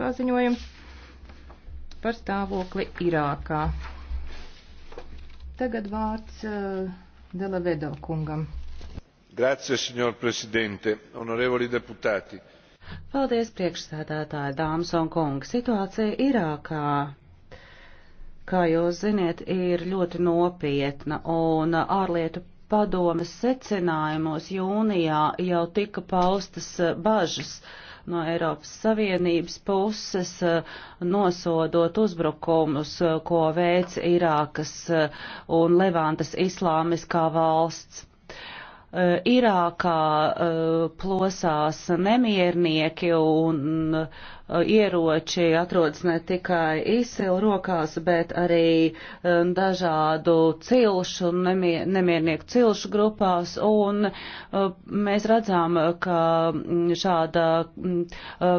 paziņojums par stāvokli Irākā. Tagad vārds uh, Delavedo kungam. Grazie, signor Presidente, onorevoli deputāti. Paldies, priekšsēdētāji, dāmas un kungi. Situācija Irākā kā jūs ziniet, ir ļoti nopietna, un ārlietu padomes secinājumos jūnijā jau tika paustas bažas no Eiropas Savienības puses eh, nosodot uzbrukumus, eh, ko veic Irākas eh, un Levantas islāmiskā valsts. Eh, Irākā eh, plosās nemiernieki un eh, ieroči atrodas ne tikai izsil rokās, bet arī dažādu cilšu, nemier, nemiernieku cilšu grupās, un mēs redzām, ka mm, šāda mm,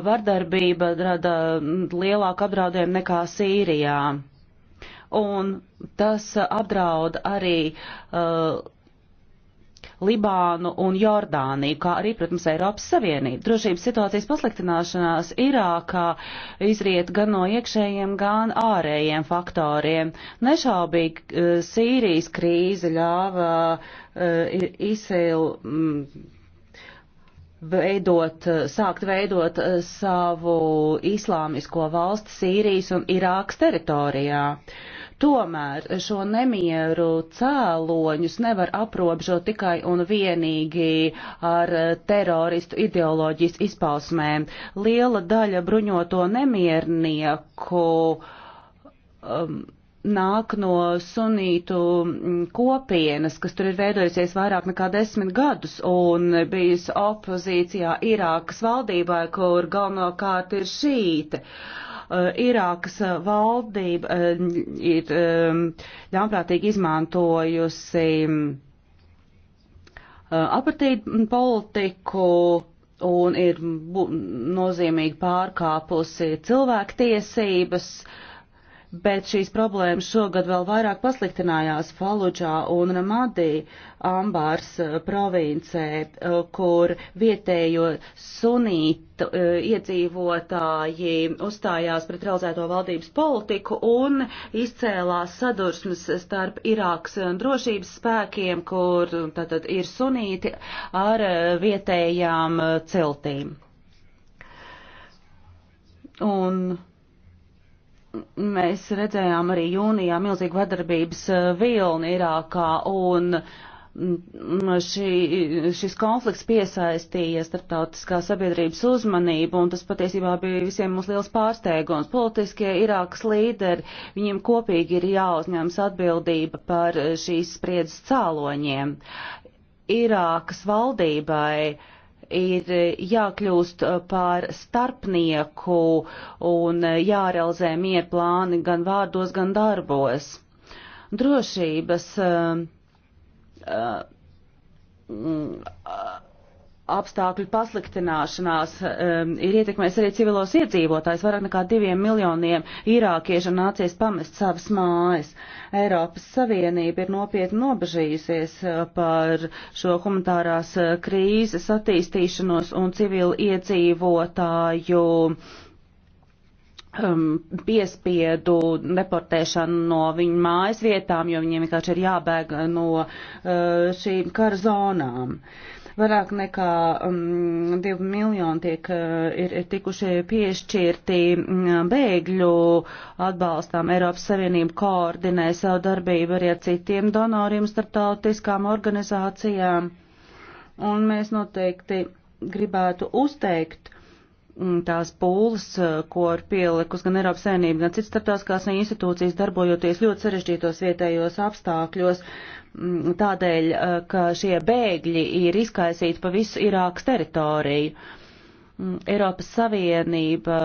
vardarbība rada mm, lielāku apdraudējumu nekā Sīrijā. Un tas apdraud arī uh, Libānu un Jordāniju, kā arī, protams, Eiropas Savienību. Drošības situācijas pasliktināšanās Irākā izriet gan no iekšējiem, gan ārējiem faktoriem. Nešaubīgi eh, Sīrijas krīze ļāva uh, ISIL mm, veidot, eh, sākt veidot savu islāmisko valsti Sīrijas un Irākas teritorijā. Uh, Tomēr šo nemieru cēloņus nevar aprobežot tikai un vienīgi ar teroristu ideoloģijas izpausmēm. Liela daļa bruņoto nemiernieku um, nāk no sunītu mm, kopienas, kas tur ir veidojusies vairāk nekā desmit gadus un bijusi opozīcijā Irākas valdībai, kur galvenokārt ir šīta. Uh, Eh, Irākas eh, valdība eh, ir ļaunprātīgi izmantojusi apatīdu politiku un ir nozīmīgi pārkāpusi cilvēktiesības. tiesības bet šīs problēmas šogad vēl vairāk pasliktinājās Faludžā un Ramadī ambārs eh, provincē, eh, kur vietējo sunītu eh, iedzīvotāji uzstājās pret realizēto valdības politiku un izcēlās sadursmes starp Irāks drošības spēkiem, kur tātad ir sunīti ar vietējām ciltīm. Un mēs redzējām arī jūnijā milzīgu vardarbības eh, vilni Irākā un mm, šī, šis konflikts piesaistīja starptautiskā sabiedrības uzmanību un tas patiesībā bija visiem mums liels pārsteigums. Politiskie Irākas līderi, viņiem kopīgi ir jāuzņemas atbildība par eh, šīs spriedzes cāloņiem. Irākas valdībai uh, ir eh, jākļūst eh, par starpnieku un eh, jārealizē mieru plāni gan vārdos, gan darbos. Drošības uh, uh, uh, apstākļu pasliktināšanās um, ir ietekmējis arī civilos iedzīvotājs. Vairāk nekā diviem miljoniem īrākiešu nācies pamest savas mājas. Eiropas Savienība ir nopietni nobežījusies uh, par šo humanitārās uh, krīzes attīstīšanos un civilu iedzīvotāju um, piespiedu deportēšanu no viņu mājas vietām, jo viņiem vienkārši ir jābēg no uh, šīm karzonām. Uh, Vairāk nekā um, 2 miljoni tiek, uh, ir, ir tikuši piešķirti mm, bēgļu atbalstām. Eiropas Savienība koordinē savu darbību arī ar citiem donoriem starptautiskām organizācijām. Un mēs noteikti gribētu uzteikt mm, tās pūles, uh, ko ir pielikus gan Eiropas Savienība, gan citas starptautiskās institūcijas, darbojoties ļoti sarežģītos vietējos apstākļos. Uh, Mm, tādēļ, eh, ka šie bēgļi ir izkaisīti pa visu Irākas teritoriju. Mm, Eiropas Savienība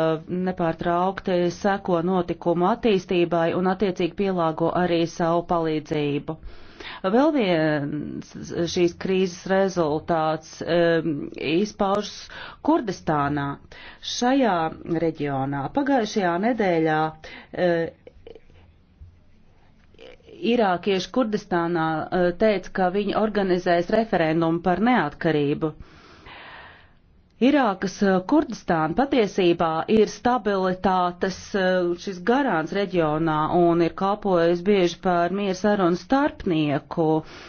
nepārtraukti seko notikumu attīstībai un attiecīgi pielāgo arī savu palīdzību. Vēl viens šīs krīzes rezultāts izpaužas Kurdistānā. Šajā reģionā pagājušajā nedēļā eh, irākieši Kurdistānā eh, teica, ka viņi organizēs referendumu par neatkarību. Irākas eh, Kurdistāna patiesībā ir stabilitātes eh, šis garants reģionā un ir kalpojis bieži par mieru sarunu starpnieku. Uh,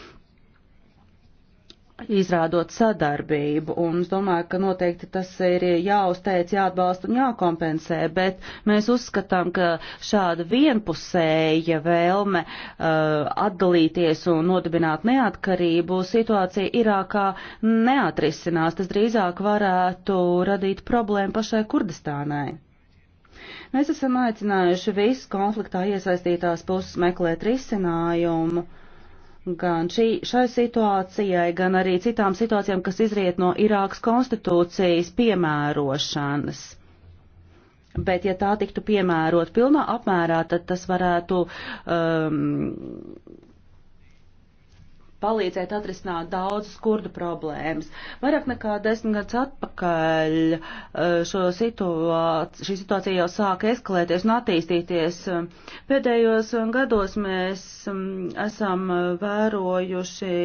izrādot sadarbību, un es domāju, ka noteikti tas ir jāuzteic, jāatbalsta un jākompensē, bet mēs uzskatām, ka šāda vienpusēja vēlme uh, atdalīties un nodibināt neatkarību situācija Irākā neatrisinās, tas drīzāk varētu radīt problēmu pašai Kurdistānai. Mēs esam aicinājuši visu konfliktā iesaistītās puses meklēt risinājumu. Uh, gan šī, šai situācijai, gan arī citām situācijām, kas izriet no Irākas konstitūcijas piemērošanas. Bet, ja tā tiktu piemērot pilnā apmērā, tad tas varētu um, palīdzēt atrisināt daudzas kurdu problēmas. Vairāk nekā desmit gadus atpakaļ eh, situāci, šī situācija jau sāka eskalēties un attīstīties. Pēdējos gados mēs mm, esam eh, vērojuši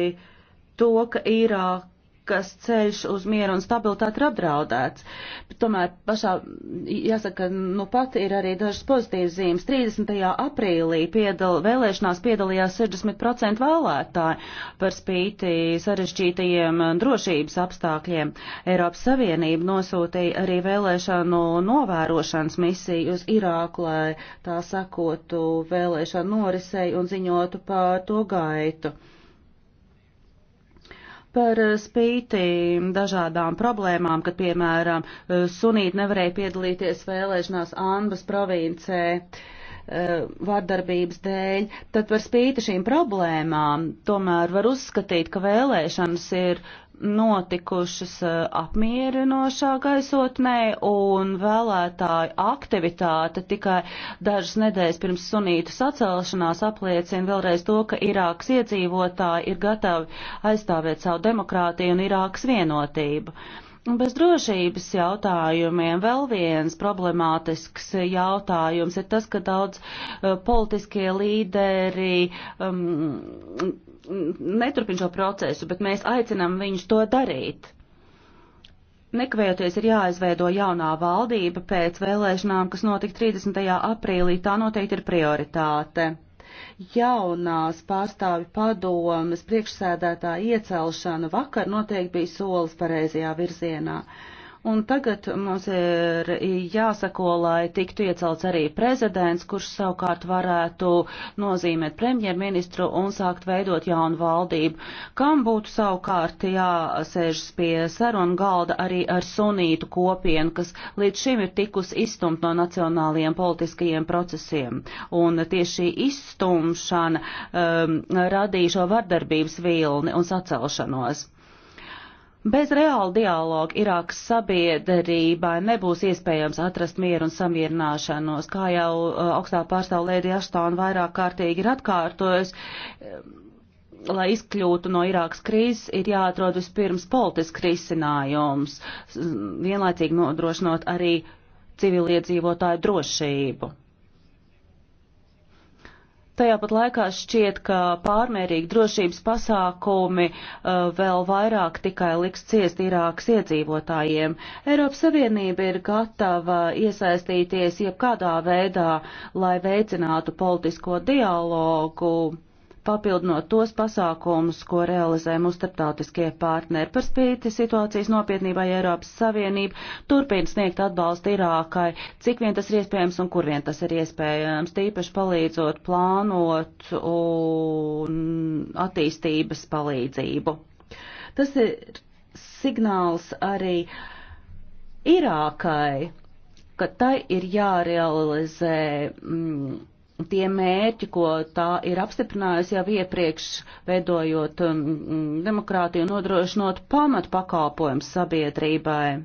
to, ka Irāk kas ceļš uz mieru un stabilitāti ir apdraudēts. Bet tomēr pašā, jāsaka, nu pat ir arī dažas pozitīvas zīmes. 30. aprīlī piedal, vēlēšanās piedalījās 60% vēlētāji par spīti sarežģītajiem drošības apstākļiem. Eiropas Savienība nosūtīja arī vēlēšanu novērošanas misiju uz Irāku, lai tā sakotu vēlēšanu norisei un ziņotu par to gaitu. Par eh, spīti dažādām problēmām, kad, piemēram, eh, sunīti nevarēja piedalīties vēlēšanās Anbas provincē eh, vardarbības dēļ, tad par spīti šīm problēmām tomēr var uzskatīt, ka vēlēšanas ir uh, notikušas eh, apmierinošā gaisotnē un vēlētāju aktivitāte tikai dažas nedēļas pirms sunītu sacelšanās apliecina vēlreiz to, ka Irākas iedzīvotāji ir gatavi aizstāvēt savu demokrātiju un Irākas vienotību. Uh, Bez drošības jautājumiem vēl viens problemātisks jautājums ir tas, ka daudz uh, politiskie līderi um, neturpin šo procesu, bet mēs aicinām viņus to darīt. Nekavējoties ir jāizveido jaunā valdība pēc vēlēšanām, kas notika 30. aprīlī, tā noteikti ir prioritāte jaunās pārstāvi padomas priekšsēdētā iecelšana vakar noteikti bija solis pareizajā virzienā. Uh, Un tagad mums ir jāsako, lai tiktu iecelts arī prezidents, kurš savukārt varētu nozīmēt premjerministru un sākt veidot jaunu valdību, kam būtu savukārt jāsēžas pie sarunu galda arī ar sunītu kopienu, kas līdz šim ir tikus izstumt no nacionālajiem politiskajiem procesiem. Un tieši šī izstumšana um, radīja šo vardarbības vilni un sacelšanos. Bez reāla dialoga Irākas sabiedrībai nebūs iespējams atrast mieru un samierināšanos, kā jau uh, augstā pārstāvja Lēdija Aštona vairāk kārtīgi ir atkārtojusi. Um, lai izkļūtu no Irākas krīzes, ir jāatrod vispirms politisks risinājums, vienlaicīgi nodrošinot arī civiliedzīvotāju drošību. Tajā pat laikā šķiet, ka pārmērīgi drošības pasākumi uh, vēl vairāk tikai liks ciest Irākas iedzīvotājiem. Eiropas Savienība ir gatava iesaistīties jebkādā veidā, lai veicinātu politisko dialogu papildinot tos pasākumus, ko realizē mūsu starptautiskie partneri. Par spīti situācijas nopietnībai Eiropas Savienība turpina sniegt atbalstu Irākai, cik vien tas ir iespējams un kur vien tas ir iespējams, tīpaši palīdzot plānot un attīstības palīdzību. Tas ir signāls arī Irākai, ka tai ir jārealizē. Mm, tie mērķi, ko tā ir apstiprinājusi jau iepriekš, veidojot um, demokrātiju, nodrošinot pamat pakalpojums sabiedrībai.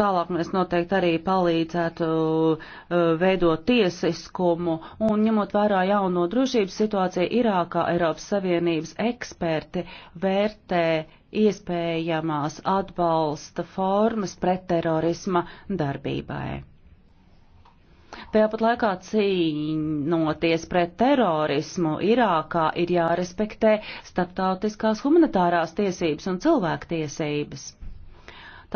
Tālāk mēs noteikti arī palīdzētu uh, veidot tiesiskumu un ņemot vērā jauno drošības situāciju Irākā Eiropas Savienības eksperti vērtē iespējamās atbalsta formas pretterorisma darbībai. Tāpat laikā cīnoties pret terorismu Irākā ir jārespektē starptautiskās humanitārās tiesības un cilvēktiesības.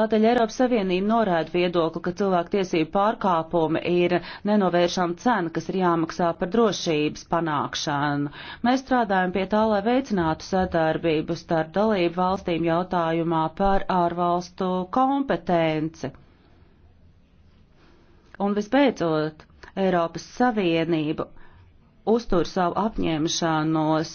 Tātad Eiropas Savienība norāda viedokli, ka cilvēktiesību pārkāpumi ir nenovēršama cena, kas ir jāmaksā par drošības panākšanu. Mēs strādājam pie tā, lai veicinātu sadarbību starp dalību valstīm jautājumā par ārvalstu kompetenci. Un visbeidzot, Eiropas Savienība uztur savu apņēmšanos,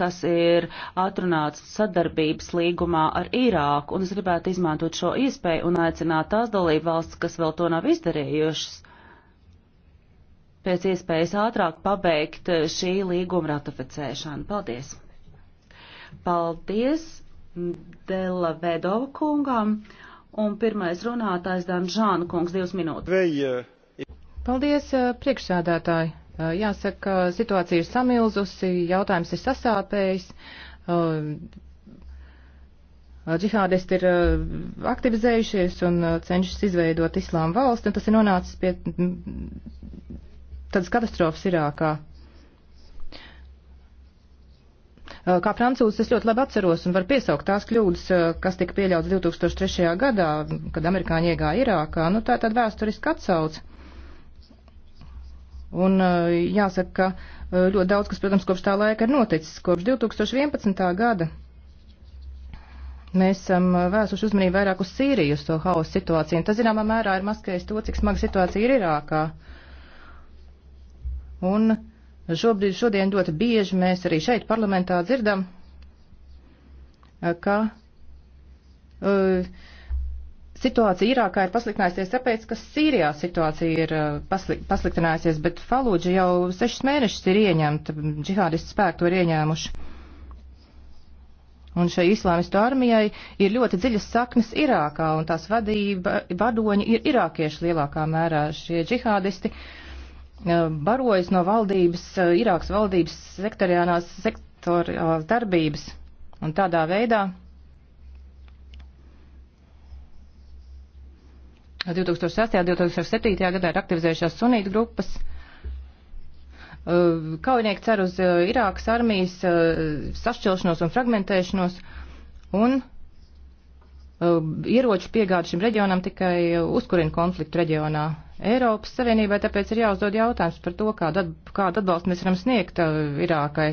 kas ir atrunāts sadarbības līgumā ar Irāku, un es gribētu izmantot šo iespēju un aicināt tās dalību valsts, kas vēl to nav izdarījušas, pēc iespējas ātrāk pabeigt šī līguma ratificēšanu. Paldies! Paldies Dela Vedova kungam! Un pirmais runātājs Danžāna kungs, divas minūtes. Paldies, eh, priekšsādātāji. Eh, jāsaka, situācija ir samilzusi, jautājums ir sasāpējis. Eh, džihādisti ir aktivizējušies un cenšas izveidot islāma valsti, un tas ir nonācis pie tādas katastrofas Irākā. Eh, kā francūzis es ļoti labi atceros un var piesaukt tās kļūdas, eh, kas tika pieļauts 2003. gadā, kad amerikāņi iegāja Irākā. Nu, tā ir tāda vēsturiska atsauce. Un eh, jāsaka, ka ļoti daudz, kas, protams, kopš tā laika ir noticis, kopš 2011. gada. Mēs esam vēsuši uzmanību vairāk uz Sīriju, uz to hausa situāciju, un tas, zināmā mērā, ir maskējis to, cik smaga situācija ir Irākā. Un uh, Šobrīd, šodien ļoti bieži mēs arī šeit parlamentā dzirdam, eh, ka uh, situācija Irākā ir pasliktinājusies tāpēc, ka Sīrijā situācija ir eh, paslik pasliktinājusies, bet Falūģa jau sešas mēnešus ir ieņemta, džihādistu spēku to ir ieņēmuši. Un šai islāmistu armijai ir ļoti dziļas saknes Irākā, un tās vadība, vadoņi ir irākieši lielākā mērā šie džihādisti. Uh, barojas no valdības, Irākas valdības sektoriālās sektoriālās darbības. Un tādā veidā 2006. un 2007. gadā ir aktivizējušās sunītu grupas. Kaujinieki cer uz Irākas armijas sašķelšanos un fragmentēšanos. Un Um, ieroču piegāde šim reģionam tikai uh, uzkurina konfliktu reģionā. Eiropas Savienībai tāpēc ir jāuzdod jautājums par to, kādu, at, kādu atbalstu mēs varam sniegt uh, Irākai.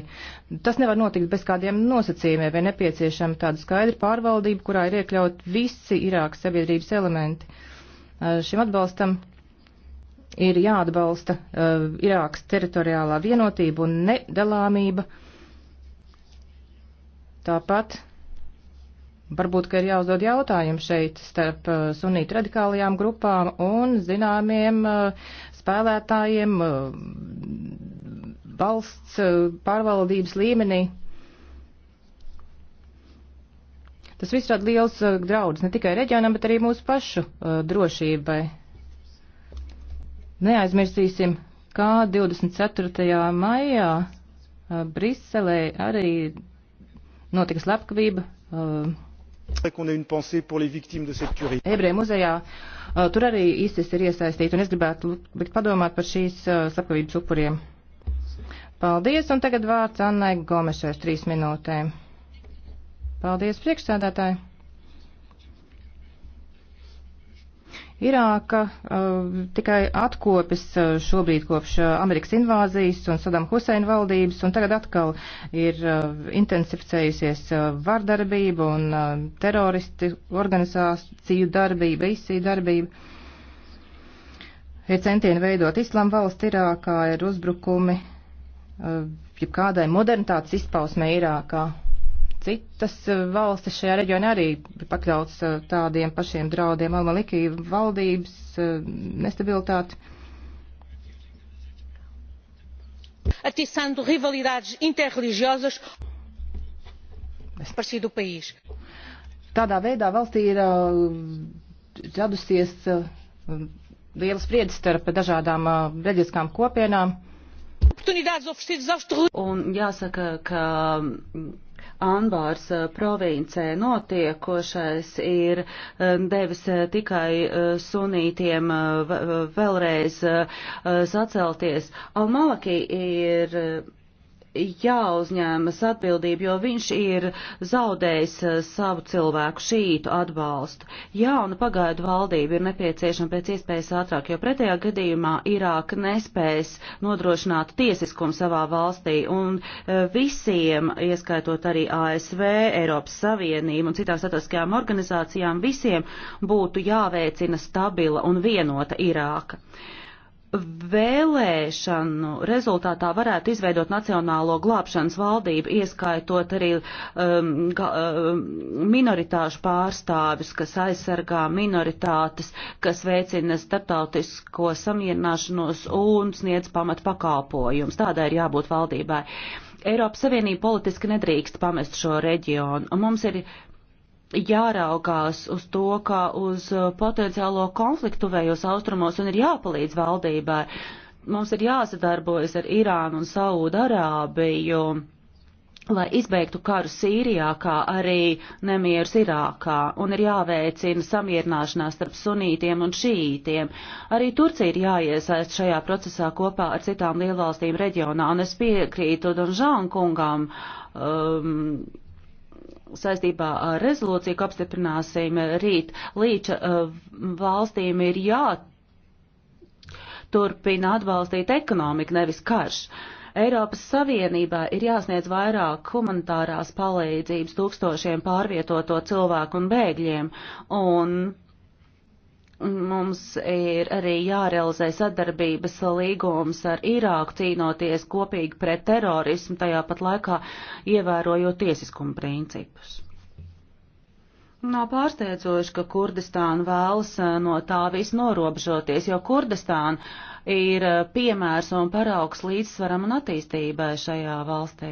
Tas nevar notikt bez kādiem nosacījumiem, vai nepieciešama tāda skaidra pārvaldība, kurā ir iekļaut visi Irākas sabiedrības elementi. Uh, šim atbalstam ir jāatbalsta uh, Irākas teritoriālā vienotība un nedalāmība. Tāpat Varbūt, ka ir jāuzdod jautājumu šeit starp uh, sunītu radikālajām grupām un zināmiem uh, spēlētājiem uh, valsts pārvaldības līmenī. Tas viss rada liels draudus ne tikai reģionam, bet arī mūsu pašu drošībai. Neaizmirsīsim, kā 24. maijā Briselē arī notika slepkavība. Uh, Ebreju muzejā tur arī ISIS ir iesaistīta, un es gribētu likt padomāt par šīs slepkavības upuriem. Paldies, un tagad vārds Annai Gomešai uz trīs minūtēm. Paldies, priekšsēdētāji! Irāka uh, tikai atkopjas uh, šobrīd kopš uh, Amerikas invāzijas un Sadam Huseina valdības, un tagad atkal ir uh, intensificējusies uh, vardarbība un uh, teroristi organizāciju darbība, izsī darbība. Ir centieni veidot islām valsts Irākā, ir uzbrukumi, uh, jebkādai modernitātes izpausmē Irākā. Citas eh, valstis šajā reģionā arī pakļauts eh, tādiem pašiem draudiem. Almaliki valdības eh, nestabilitāte. Atiçando rivalidades interreligiosas par šī do país. Tādā veidā valstī ir radusies liela spriedze starp dažādām reģiskām kopienām. Un jāsaka, ka Anbārs eh, provincē notiekošais ir eh, devis eh, tikai sunītiem vēlreiz sacelties. Almalaki ir jāuzņēmas atbildība, jo viņš ir zaudējis eh, savu cilvēku šītu atbalstu. Jauna pagaidu valdība ir nepieciešama pēc iespējas ātrāk, jo pretējā gadījumā Irāka nespēs nodrošināt tiesiskumu savā valstī un eh, visiem, ieskaitot arī ASV, Eiropas Savienību un citām starptautiskajām organizācijām, visiem būtu jāveicina stabila un vienota Irāka vēlēšanu rezultātā varētu izveidot Nacionālo glābšanas valdību, ieskaitot arī um, ga, um, minoritāšu pārstāvis, kas aizsargā minoritātes, kas veicina starptautisko samierināšanos un sniedz pamat pakalpojums. Tādai ir jābūt valdībai. Eiropas Savienība politiski nedrīkst pamest šo reģionu. Mums ir jāraugās uz to, kā uz uh, potenciālo konfliktu vējos austrumos un ir jāpalīdz valdībai. Mums ir jāsadarbojas ar Irānu un Saūdu Arābiju, lai izbeigtu karu Sīrijā, kā arī nemierus Irākā, un ir jāveicina samierināšanās starp sunītiem un šītiem. Arī Turcija ir jāiesaist šajā procesā kopā ar citām lielvalstīm reģionā, un es piekrītu Donžānkungam. Um, saistībā ar rezolūciju, ko apstiprināsim rīt, līča eh, valstīm ir jāturpina atbalstīt ekonomiku, nevis karš. Eiropas Savienībā ir jāsniedz vairāk humanitārās palīdzības tūkstošiem pārvietoto cilvēku un bēgļiem, un Mums ir arī jārealizē sadarbības līgums ar Irāku cīnoties kopīgi pret terorismu, tajā pat laikā ievērojot tiesiskuma principus. Nav pārsteidzoši, ka Kurdistāna vēlas eh, no tā viss norobžoties, jo Kurdistāna ir eh, piemērs un paraugs līdzsvaram un attīstībai šajā valstī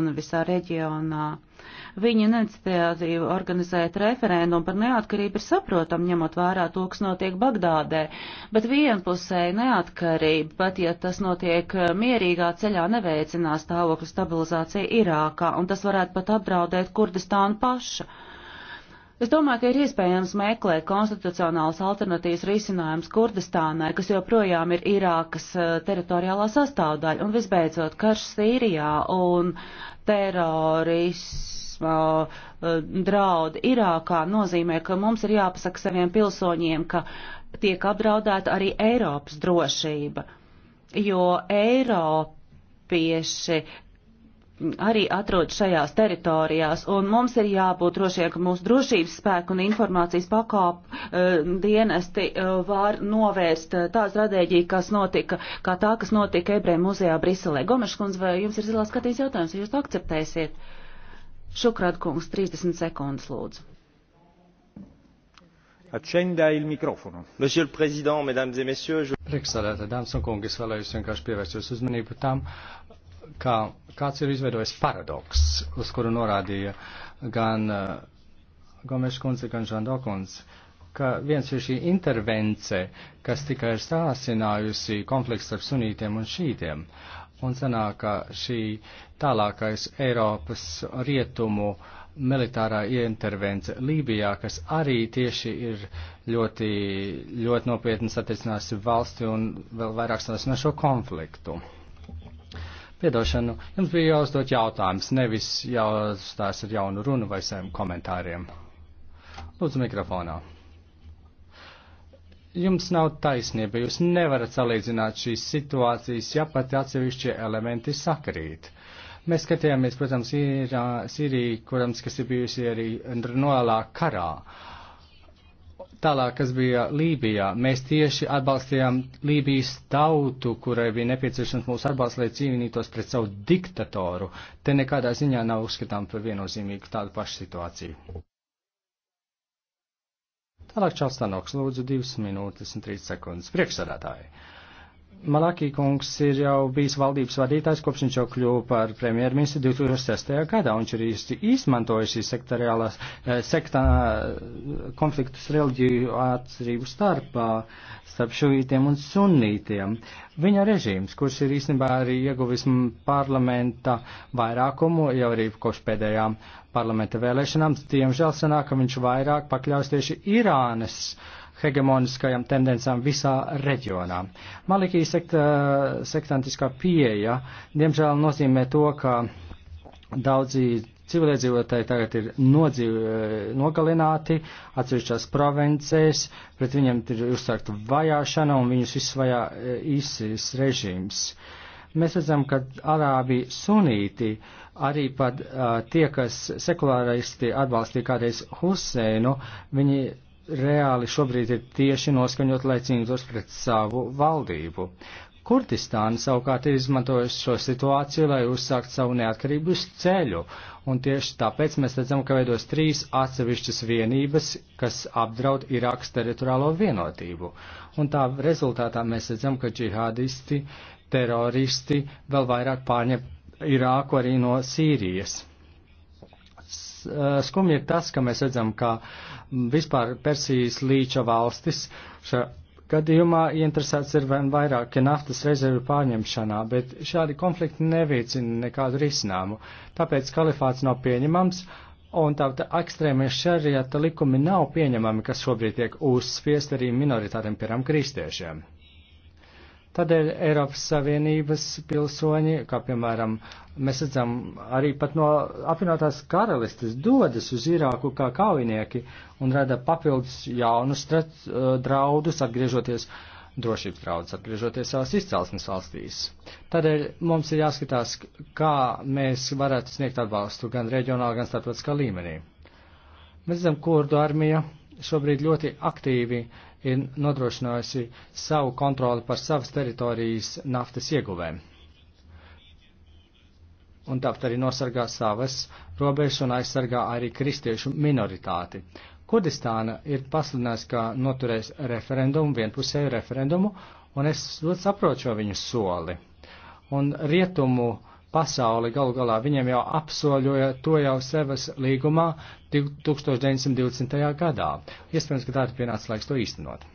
un visā reģionā. Viņa iniciatīva organizēt referendumu par neatkarību ir saprotam, ņemot vērā to, kas notiek Bagdādē, bet vienpusēji neatkarība, pat ja tas notiek eh, mierīgā ceļā, neveicinās stāvokļa stabilizācija Irākā, un tas varētu pat apdraudēt Kurdistānu pašu. Es domāju, ka ir iespējams meklēt konstitucionāls alternatīvas risinājums Kurdistānai, kas joprojām ir Irākas eh, teritoriālā sastāvdaļa, un visbeidzot karš Sīrijā un teroris terorisma eh, draudi Irākā nozīmē, ka mums ir jāpasaka saviem pilsoņiem, ka tiek apdraudēta arī Eiropas drošība, jo Eiropieši arī atrodas šajās teritorijās, un mums ir jābūt drošiem, ka mūsu drošības spēku un informācijas pakāp uh, dienesti uh, var novērst uh, tā stratēģija, kas notika, kā tā, kas notika Ebreja muzejā Briselē. Gomeškundze, vai jums ir zilās skatījums jautājums, vai jūs to akceptēsiet? Šukrāt kungs, 30 sekundes lūdzu. Accenda il mikrofono. Monsieur le Président, mesdames et messieurs, je... Priekšsādātā dāmas un kungi, es vēlējos vienkārši pievērst jūsu uzmanību tam, kā kāds ir izveidojis paradoks, uz kuru norādīja gan uh, eh, Gomeša kundze, gan Žando kundze ka viens ir šī intervence, kas tikai ir stāsinājusi konflikts starp sunītiem un šītiem. Uh, un sanāk, ka šī tālākais Eiropas rietumu militārā intervence Lībijā, kas arī tieši ir ļoti, ļoti nopietnas attiecinās valsti un vēl vairāk sanās no šo konfliktu. Piedošanu, jums bija jāuzdot jautājums, nevis jāuzstās ar jaunu runu vai saviem komentāriem. Lūdzu mikrofonā jums nav taisnība, jūs nevarat salīdzināt šīs situācijas, ja pat atsevišķie elementi sakrīt. Mēs skatījāmies, protams, Sīriju, kurams, kas ir bijusi arī nolā karā. Tālāk, kas bija Lībijā, mēs tieši atbalstījām Lībijas tautu, kurai bija nepieciešams mūsu atbalsts, lai cīnītos pret savu diktatoru. Te nekādā ziņā nav uzskatām par viennozīmīgu tādu pašu situāciju. Tālāk Čāls Tanoks, lūdzu, 2 minūtes un 3 sekundes. Priekšsēdētāji! Malakī kungs ir jau bijis valdības vadītājs, kopš viņš jau kļuva par premjerministru 2006. gadā, un viņš ir izmantojis šīs sektoriālās eh, sektā, eh, konfliktus reliģiju atšķirību starp, starp šuītiem un sunnītiem. Viņa režīms, kurš ir īstenībā arī ieguvis parlamenta vairākumu, jau arī kopš pēdējām parlamenta vēlēšanām, diemžēl sanāk, ka viņš vairāk pakļaus tieši Irānas uh, hegemoniskajām tendencām visā reģionā. Malikī sekt, sektantiskā pieeja, diemžēl, nozīmē to, ka daudzi civiliedzīvotāji tagad ir nodzīv, nogalināti atsevišķās provincēs, pret viņiem ir uzsākta vajāšana un viņus visus vajā eh, īsis režīms. Mēs redzam, ka arābi sunīti, arī pat uh, tie, kas sekulāristi atbalstīja kādreiz Huseinu, viņi reāli šobrīd ir tieši noskaņot, lai cīnītos pret savu valdību. Kurdistāna savukārt ir izmantojusi šo situāciju, lai uzsākt savu neatkarības ceļu, un tieši tāpēc mēs redzam, ka veidos trīs atsevišķas vienības, kas apdraud Irākas teritoriālo vienotību. Un tā rezultātā mēs redzam, ka džihādisti, teroristi vēl vairāk pārņem Irāku arī no Sīrijas. Eh, skumji ir tas, ka mēs redzam, ka mm, vispār Persijas līča valstis šā gadījumā ieinteresēts ir vien vairāk ja naftas rezervu pārņemšanā, bet šādi konflikti neveicina nekādu risinājumu. Tāpēc kalifāts nav pieņemams. Un tā, tā ekstrēmie šariata likumi nav pieņemami, kas šobrīd tiek uzspiest arī minoritātiem, piemēram, kristiešiem. Tādēļ Eiropas Savienības pilsoņi, kā piemēram, mēs redzam arī pat no apvienotās karalistes, dodas uz Irāku kā kaujinieki un rada papildus jaunus eh, draudus, atgriežoties drošības draudus, atgriežoties savās izcelsmes valstīs. Tādēļ mums ir jāskatās, kā mēs varētu sniegt atbalstu gan reģionāli, gan starptautiskā līmenī. Mēs zinām, kurdu armija šobrīd ļoti aktīvi uh, ir nodrošinājusi savu kontroli par savas teritorijas naftas ieguvēm. Un tāpat arī nosargā savas robežas un aizsargā arī kristiešu minoritāti. Kurdistāna ir pasludinājusi, ka noturēs referendumu, vienpusēju referendumu, un es ļoti saprotu šo viņu soli. Un rietumu uh, pasauli galu galā. Viņiem jau apsoļoja to jau sevas līgumā 1920. gadā. Iespējams, ka tāda pienāca laiks to īstenot.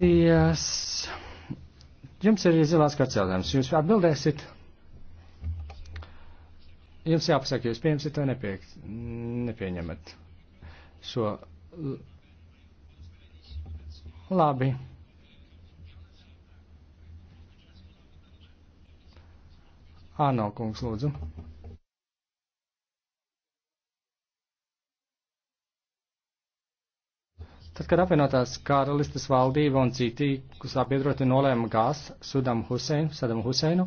Ties. Jums ir zilās kārtas jautājums. Jūs atbildēsiet. Jums jāpasaka, jūs pieņemsiet vai nepie, nepieņemat šo. Labi. Āno kungs, lūdzu. Tad, kad apvienotās karalistas valdība un citi, kas sabiedroti nolēma gās Sudam Huseinu, Sadam Huseinu,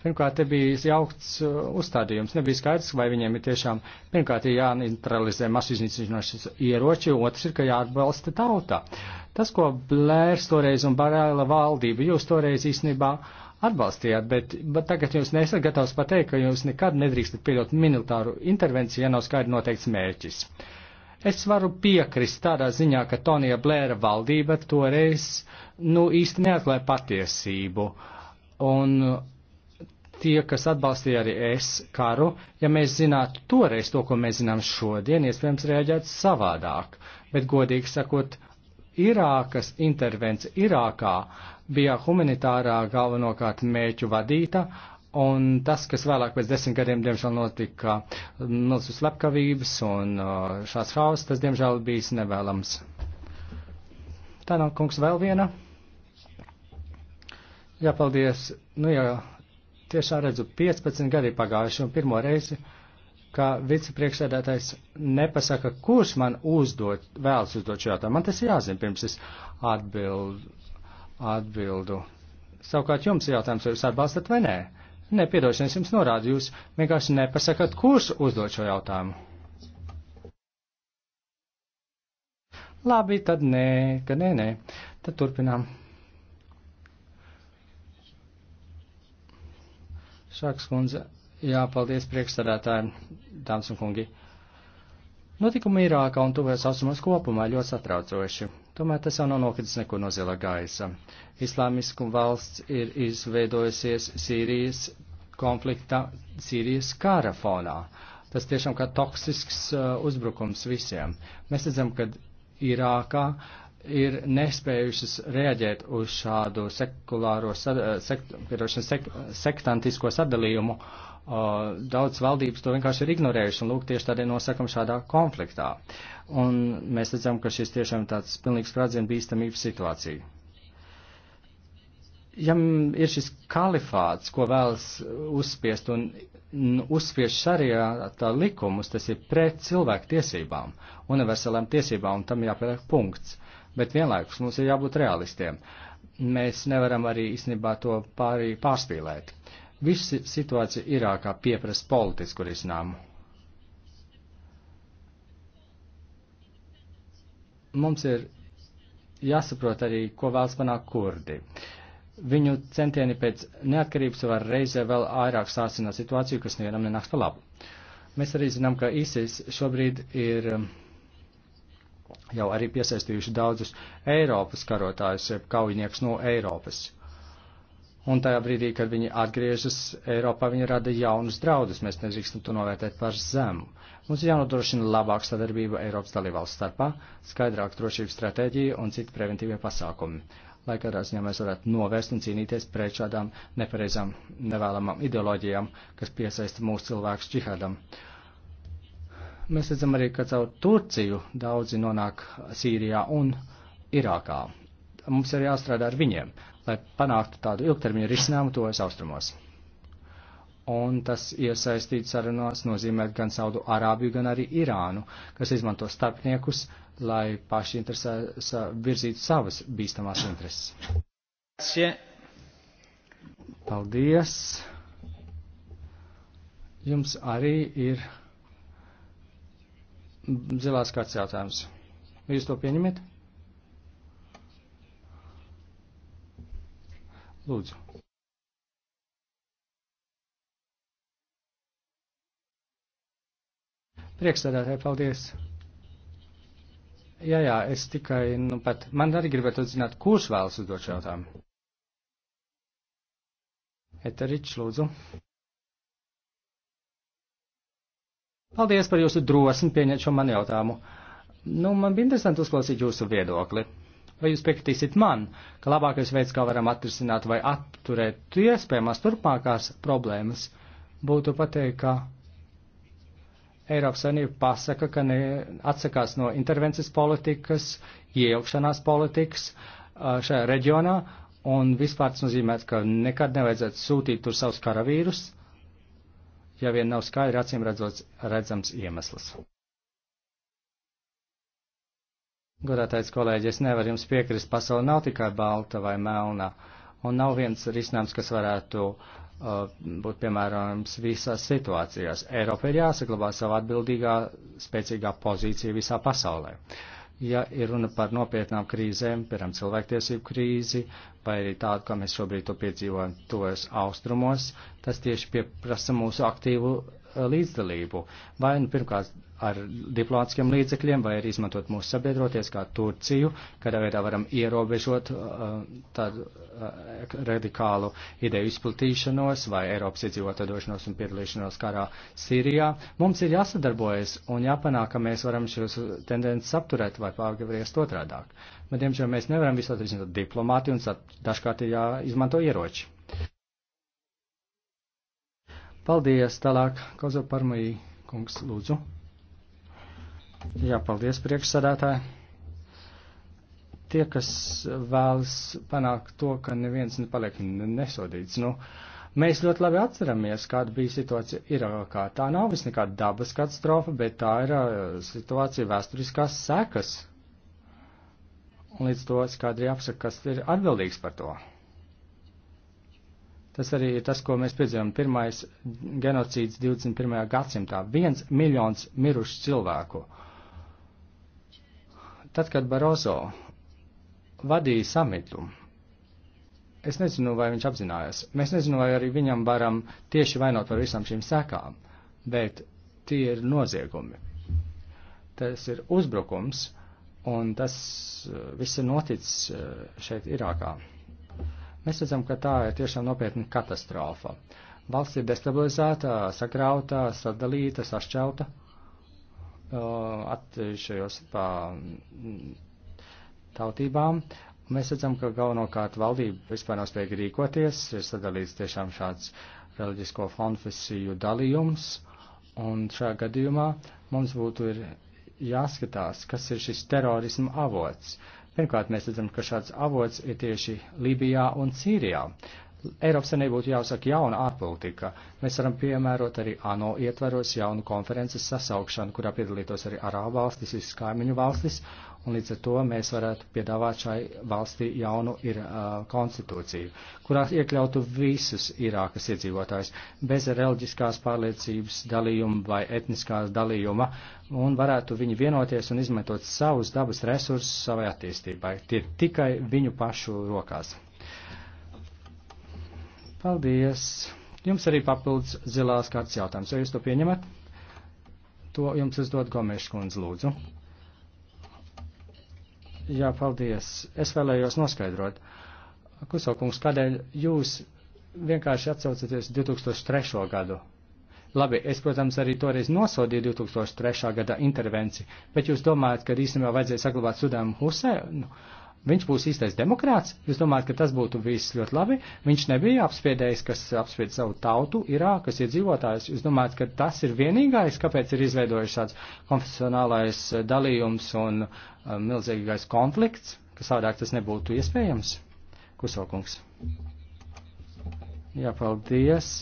pirmkārt, te bija jaukts uh, uzstādījums. Nebija skaidrs, vai viņiem ir tiešām, pirmkārt, ir jāneutralizē masu iznīcinošas ieroči, otrs ir, ka jāatbalsta tauta. Tas, ko Blērs toreiz un Barēla valdība, jūs toreiz īstenībā uh, atbalstījāt, bet, bet tagad jūs nesat gatavs pateikt, ka jūs nekad nedrīkstat pieļaut militāru intervenciju, ja nav skaidri noteikts mērķis. Es varu piekrist tādā ziņā, ka Tonija Blēra valdība toreiz, nu, īsti neatklāja patiesību. Un tie, kas atbalstīja arī es karu, ja mēs zinātu toreiz to, ko mēs zinām šodien, iespējams reaģētu savādāk. Bet, godīgi sakot, Irākas intervence Irākā bija humanitārā galvenokārt mēķu vadīta, un tas, kas vēlāk pēc desmit gadiem, diemžēl, notika milzu slepkavības un uh, šāds hauss, tas, diemžēl, bijis nevēlams. Tā nav, kungs, vēl viena. Jā, paldies. Nu, jā, tiešām redzu, 15 gadi pagājuši un pirmo reizi, ka vicepriekšsēdētājs nepasaka, kurš man uzdot, vēlas uzdot šo jautājumu. Man tas jāzina, pirms es atbildu atbildu. Savukārt jums jautājums, vai jūs atbalstat vai nē? Nē, piedošanas jums norāda, jūs vienkārši nepasakat, kurš uzdod šo jautājumu. Labi, tad nē, ka nē, nē. Tad turpinām. Šāks kundze, jā, paldies priekšsādātājiem, dāmas un kungi. Notikumi Irākā un tuvējās austrumos kopumā ļoti satraucoši. Tomēr tas jau nav nokritis nekur no zila gaisa. Islāmisku valsts ir izveidojusies Sīrijas konflikta, Sīrijas kara fonā. Tas tiešām kā toksisks uh, uzbrukums visiem. Mēs redzam, ka Irākā ir nespējušas reaģēt uz šādu sekulāro, uh, sek, sekt, sekt, sektantisko sadalījumu uh, daudz valdības to vienkārši ir ignorējuši, un lūk, tieši tādēļ nosakam šādā konfliktā. Un mēs redzam, ka šis tiešām tāds pilnīgs sprādzienu bīstamības situācija. Ja ir šis kalifāts, ko vēlas uzspiest un uzspiest šarijā tā likumus, tas ir pret cilvēku tiesībām, universālām tiesībām, un tam jāpieliek punkts. Bet vienlaikus mums ir jābūt realistiem. Mēs nevaram arī īstenībā to pārī pārspīlēt. Uh, Visa situācija Irākā pieprasa politisku risinājumu. Mums ir jāsaprot arī, ko vēlas panākt kurdi. Viņu centieni pēc neatkarības var reizē vēl ārāk sācināt situāciju, kas nevienam nenāks pa labu. Mēs arī zinām, ka ISIS šobrīd ir um, jau arī piesaistījuši daudzus Eiropas karotājus, kaujiniekus no Eiropas. Un tajā brīdī, kad viņi atgriežas Eiropā, viņi rada jaunus draudus. Mēs nedrīkstam to novērtēt par zemu. Mums ir jānodrošina labāka sadarbība Eiropas dalībvalstu starpā, skaidrāka drošības stratēģija un citi preventīvie pasākumi, lai kādā ziņā mēs varētu novērst un cīnīties pret šādām nepareizām, nevēlamām ideoloģijām, kas piesaista mūsu cilvēkus džihādam. Mēs redzam arī, ka caur Turciju daudzi nonāk Sīrijā un Irākā. Mums ir jāstrādā ar viņiem, lai panāktu tādu ilgtermiņu risinājumu tos austrumos. Un tas iesaistīt sarunās nozīmē gan Saudu Arābiju, gan arī Irānu, kas izmanto starpniekus, lai paši interesē sa, virzītu savas bīstamās intereses. Paldies! Jums arī ir zilās kārtas jautājums. Vai jūs to pieņemiet? Lūdzu. Priekšsēdētāji, paldies. Jā, jā, es tikai, nu pat, man arī gribētu atzināt, kurš vēlas uzdot šo jautājumu. Eteričs, lūdzu. Paldies par jūsu drosmi pieņemt šo manu jautājumu. Nu, man bija interesanti uzklausīt jūsu viedokli. Vai jūs piekritīsiet man, ka labākais veids, kā varam atrisināt vai atturēt iespējamās turpmākās problēmas, būtu pateikt, ka Eiropas Savienība pasaka, ka ne atsakās no intervences politikas, iejaukšanās politikas šajā reģionā, un vispār tas nozīmē, ka nekad nevajadzētu sūtīt tur savus karavīrus, ja vien nav skaidri acīm redzams iemesls. Godātais kolēģi, es nevaru jums piekrist, pasaule nav tikai balta vai melna, un nav viens risinājums, kas varētu uh, būt piemērojams visās situācijās. Eiropa ir jāsaglabā savu atbildīgā, spēcīgā pozīciju visā pasaulē. Ja ir runa par nopietnām krīzēm, piemēram, cilvēktiesību krīzi, vai arī tādu, kā mēs šobrīd to piedzīvojam tuvojas austrumos, tas tieši pieprasa mūsu aktīvu uh, līdzdalību. Vai nu pirmkārt ar diplomātiskiem līdzekļiem, vai arī izmantot mūsu sabiedroties kā Turciju, kādā veidā varam ierobežot uh, tādu uh, radikālu ideju izplatīšanos vai Eiropas iedzīvotādošanos un piedalīšanos karā Sīrijā. Mums ir jāsadarbojas un jāpanāk, ka mēs varam šos tendences apturēt vai pārgriezt otrādāk. Bet, diemžēl, mēs nevaram visu atrisināt diplomāti un dažkārt ir jāizmanto ieroči. Paldies, tālāk, Kozo Parmai kungs, lūdzu. Jā, paldies priekšsādātāji. Tie, kas vēlas panākt to, ka neviens nepaliek nesodīts, nu, mēs ļoti labi atceramies, kāda bija situācija Irākā. Tā nav vis nekāda dabas katastrofa, bet tā ir uh, situācija vēsturiskās sekas. Un līdz to skaidri jāapsaka, kas ir atbildīgs par to. Tas arī ir tas, ko mēs piedzīvojam. Pirmais genocīds 21. gadsimtā - viens miljons mirušu cilvēku. Tad, kad Barozo vadīja samitu, es nezinu, vai viņš apzinājās. Mēs nezinu, vai arī viņam varam tieši vainot par visām šīm sekām, bet tie ir noziegumi. Tas ir uzbrukums, un tas eh, viss ir noticis eh, šeit Irākā. Mēs redzam, ka tā ir tiešām nopietna katastrofa. Valsts ir destabilizēta, sakrauta, sadalīta, sašķelta atsevišķajos tautībām. Mēs redzam, ka galvenokārt valdība vispār nav spējīga rīkoties, ir sadalīts tiešām šāds reliģisko konfesiju dalījums, un šajā gadījumā mums būtu ir jāskatās, kas ir šis terorismu avots. Pirmkārt, mēs redzam, ka šāds avots ir tieši Lībijā un Sīrijā. Eiropas Savienībai būtu jāuzsaka jauna ārpolitika. Mēs varam piemērot arī ANO ietveros jaunu konferences sasaukšanu, kurā piedalītos arī Arābu valstis, visas kaimiņu valstis, un līdz ar to mēs varētu piedāvāt šai valstī jaunu ir, uh, konstitūciju, kurā iekļautu visus Irākas iedzīvotājus bez reliģiskās pārliecības dalījuma vai etniskās dalījuma, un varētu viņi vienoties un izmantot savus dabas resursus savai attīstībai. Tie ir tikai viņu pašu rokās. Paldies! Jums arī papildus zilās kārtas jautājums. Vai jūs to pieņemat? To jums uzdod Gomeša kundze, lūdzu. Jā, paldies. Es vēlējos noskaidrot. Kusaukungs, kādēļ jūs vienkārši atsaucaties 2003. gadu? Labi, es, protams, arī toreiz nosodīju 2003. gada intervenciju, bet jūs domājat, ka īstenībā vajadzēja saglabāt Sudānu Husēnu? Nu, Viņš būs īstais demokrāts, jūs domājat, ka tas būtu viss ļoti labi. Viņš nebija apspiedējis, kas apspied savu tautu, Irākas iedzīvotājus. Jūs domājat, ka tas ir vienīgais, kāpēc ir izveidojuši tāds konfesionālais dalījums un um, milzīgais konflikts, ka savādāk tas nebūtu iespējams? Kusokungs. Jā, paldies.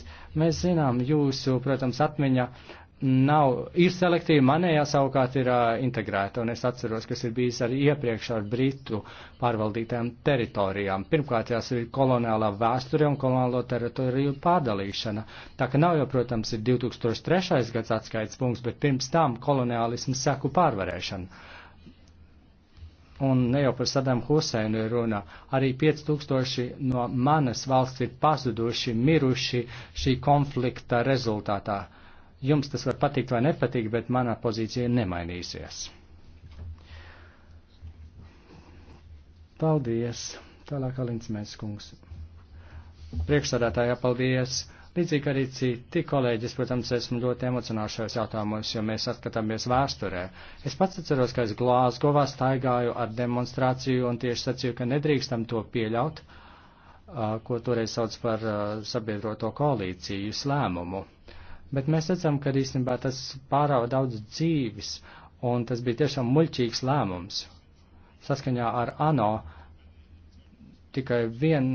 Mēs zinām jūsu, protams, atmiņa. Uh, nav, ir selektīva, manējā savukārt ir uh, integrēta, un es atceros, kas ir bijis arī iepriekš ar Britu pārvaldītām teritorijām. Pirmkārt, tās ir koloniālā vēsture un koloniālo teritoriju pārdalīšana. Tā ka nav jau, protams, ir 2003. gads atskaits punkts, bet pirms tam koloniālisms seku pārvarēšana. Un ne jau par Sadam Huseinu ir runa, arī 5000 no manas valsts ir pazuduši, miruši šī konflikta rezultātā Jums tas var patikt vai nepatikt, bet manā pozīcija nemainīsies. Paldies! Tālāk Alins Mēskungs. Priekšsādātājā paldies! Līdzīgi arī citi kolēģis, protams, esmu ļoti emocionāls šajos jautājumos, jo mēs atskatāmies vēsturē. Es pats atceros, ka es Glāzgovā staigāju ar demonstrāciju un tieši sacīju, ka nedrīkstam to pieļaut, ko toreiz sauc par sabiedroto koalīciju slēmumu. Bet mēs redzam, ka īstenībā tas pārāva daudz dzīves, un tas bija tiešām muļķīgs lēmums. Saskaņā ar ANO tikai vien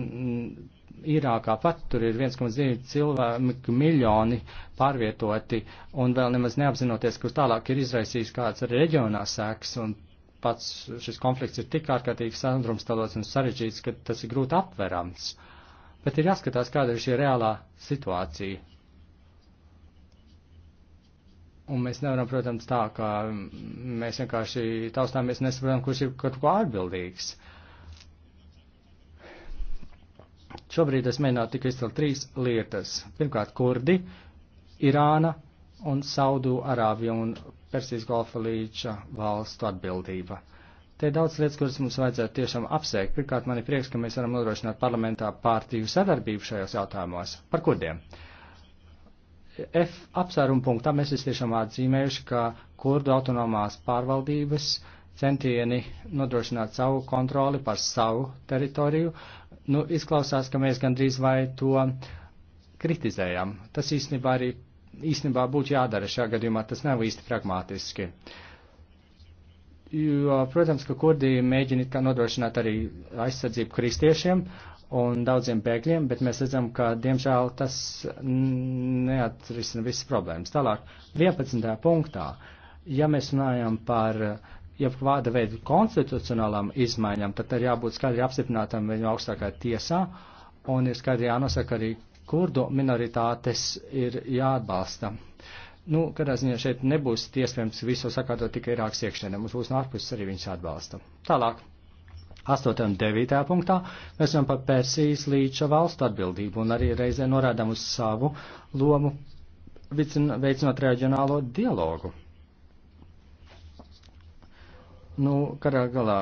Irākā pat tur ir 1,2 cilvēku miljoni pārvietoti, un vēl nemaz neapzinoties, kurš tālāk ir izraisījis kāds reģionā sēks, un pats šis konflikts ir tik ārkārtīgi sandrumstalots un sarežģīts, ka tas ir grūti apverams. Bet ir jāskatās, kāda ir šī reālā situācija. Un mēs nevaram, protams, tā, ka mēs vienkārši taustāmies nesaprotam, kurš ir kaut ko atbildīgs. Šobrīd es mēģināju tik izcelt trīs lietas. Pirmkārt, kurdi, Irāna un Saudu Arābija un Persijas golfa līča valstu atbildība. Te ir daudz lietas, kuras mums vajadzētu tiešām apsveikt. Pirmkārt, man ir prieks, ka mēs varam nodrošināt parlamentā pārtīju sadarbību šajos jautājumos par kurdiem. Uh, F apsvērumu punktā mēs visciešām atzīmējuši, ka kurdu autonomās pārvaldības centieni nodrošināt savu kontroli par savu teritoriju, nu, izklausās, ka mēs gandrīz vai to kritizējam. Tas īstenībā arī īstenībā būtu jādara šajā gadījumā, tas nav īsti pragmātiski. Jo, protams, ka kurdi mēģina nodrošināt arī aizsardzību kristiešiem, un daudziem bēgļiem, bet mēs redzam, ka diemžēl tas neatrisina visas problēmas. Tālāk, 11. punktā, ja mēs runājam par jebkāda veida konstitucionālām izmaiņām, tad ir jābūt skaidri apstiprinātam viņu augstākā tiesā, un ir skaidri jānosaka arī, kurdu minoritātes ir jāatbalsta. Nu, kādā ziņā šeit nebūs iespējams visu sakārtot tikai Irākas iekšēnē, mums būs no ārpuses arī viņas atbalsta. Tālāk. 8. un 9. punktā mēs runājam par Persijas līča valstu atbildību un arī reizē norādām uz savu lomu veicinot reģionālo dialogu. Nu, karā galā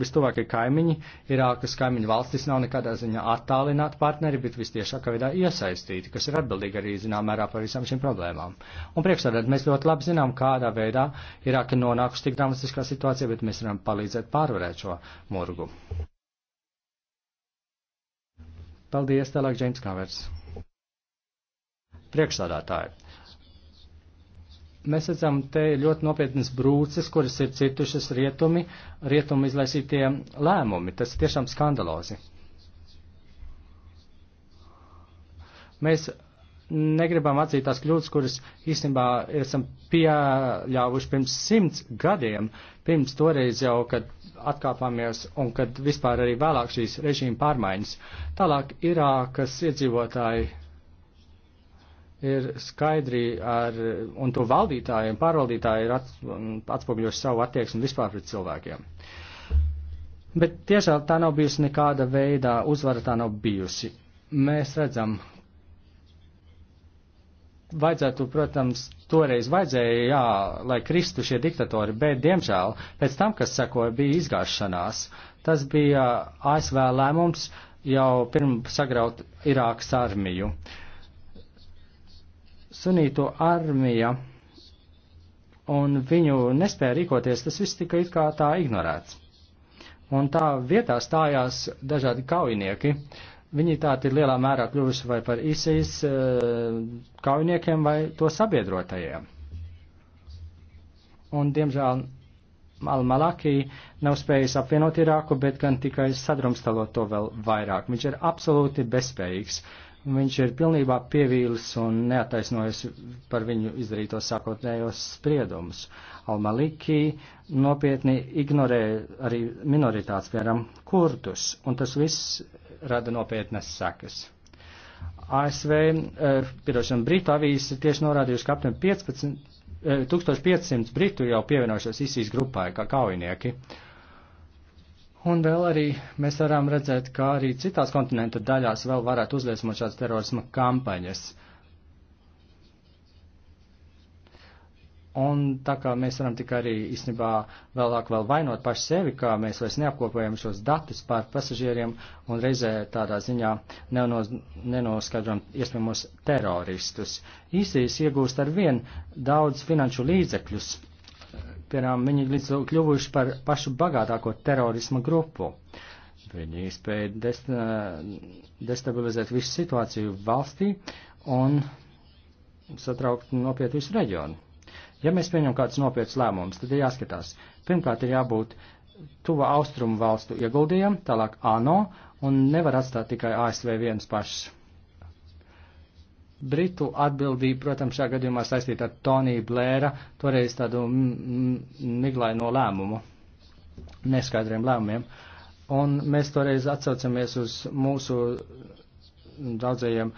vistuvākie kaimiņi, Irākas kaimiņu valstis nav nekādā ziņā attālināti partneri, bet vistiešākā veidā iesaistīti, kas ir atbildīgi arī zinām mērā par visām šīm problēmām. Un priekšsādāt mēs ļoti labi zinām, kādā veidā Irāka nonākusi tik dramatiskā situācijā, bet mēs varam palīdzēt pārvarēt šo murgu. Paldies, tālāk Džeims Kavers. Priekšsādātāji mēs redzam, te ir ļoti nopietnas brūces, kuras ir cietušas rietumi, rietumi izlaisītie lēmumi. Tas ir tiešām skandalozi. Mēs negribam atzīt tās kļūdas, kuras īstenībā esam pieļāvuši pirms simts gadiem, pirms toreiz jau, kad atkāpāmies un kad vispār arī vēlāk šīs režīma pārmaiņas. Tālāk Irākas iedzīvotāji ir skaidri ar, un to valdītājiem, pārvaldītāji ir at, atspoguļojuši savu attieksmi vispār pret cilvēkiem. Bet tiešām tā nav bijusi nekāda veidā, uzvara tā nav bijusi. Mēs redzam, vajadzētu, protams, toreiz vajadzēja, jā, lai kristu šie diktatori, bet, diemžēl, pēc tam, kas sekoja, bija izgāšanās. Tas bija ASV lēmums jau pirms sagraut Irākas armiju. Uh, sunīto armija un viņu nespēja rīkoties, tas viss tika it kā tā ignorēts. Un tā vietā stājās dažādi kaujinieki. Viņi tā ir lielā mērā kļuvuši vai par ISIS eh, kaujiniekiem vai to sabiedrotajiem. Un, diemžēl, Al-Malaki nav spējis apvienot Irāku, bet gan tikai sadrumstalot to vēl vairāk. Viņš ir absolūti bezspējīgs. Uh, Viņš ir pilnībā pievīlis un neataisnojas par viņu izdarītos sākotnējos spriedumus. Almaliki nopietni ignorē arī minoritātes, piemēram, kurtus, un tas viss rada nopietnas sekas. ASV, eh, pirošana, Brita avīze tieši norādījusi, ka aptuveni 15, 1500 eh, Britu jau pievienojušies ISIS grupai kā kaujinieki. Uh, Un vēl arī mēs varam redzēt, ka arī citās kontinentu daļās vēl varētu uzliesmot šādas terorisma kampaņas. Un tā kā mēs varam tikai arī īstenībā vēlāk vēl vainot paši sevi, kā mēs vairs neapkopojam šos datus par pasažieriem un reizē tādā ziņā nenos, nenoskaidrojam iespējamos teroristus. Īsīs iegūst ar vien daudz finanšu līdzekļus piemēram, viņi līdz kļuvuši par pašu bagātāko terorisma grupu. Viņi spēja dest, eh, destabilizēt visu situāciju valstī un satraukt nopietnu visu reģionu. Ja mēs pieņemam kādus nopietnus lēmumus, tad ir jāskatās. Pirmkārt, ir jābūt tuva austrumu valstu ieguldījumam, tālāk ANO, un nevar atstāt tikai ASV vienas pašas. Britu atbildība, protams, šajā gadījumā saistīta ar Toniju Blēra toreiz tādu miglaino lēmumu, neskaidriem lēmumiem. Un mēs toreiz atsaucamies uz mūsu daudzajiem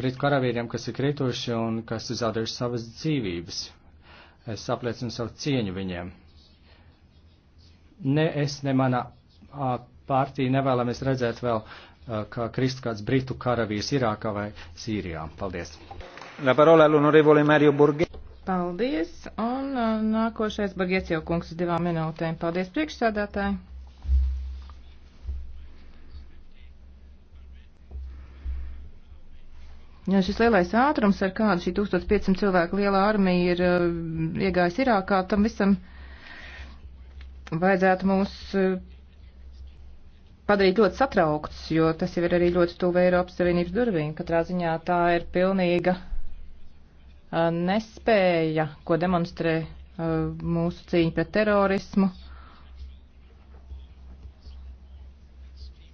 britu karavīriem, kas ir krituši un kas ir zaudējuši savas dzīvības. Es apliecinu savu cieņu viņiem. Ne es, ne mana pārtī nevēlamies redzēt vēl uh, Uh, kā kristu kāds britu karavīrs Irākā vai Sīrijā. Paldies! La parola all'onorevole Mario Borghe. Paldies, un uh, nākošais Borgets jau kungs uz divām minūtēm. Paldies priekšsādātāji! Ja šis lielais ātrums, ar kādu šī 1500 cilvēku liela armija ir uh, iegājusi Irākā, tam visam vajadzētu mūs uh, padarīt ļoti satraukts, jo tas jau ir arī ļoti tuvu Eiropas Savienības durvīm. Katrā ziņā tā ir pilnīga uh, nespēja, ko demonstrē uh, mūsu cīņa pret terorismu.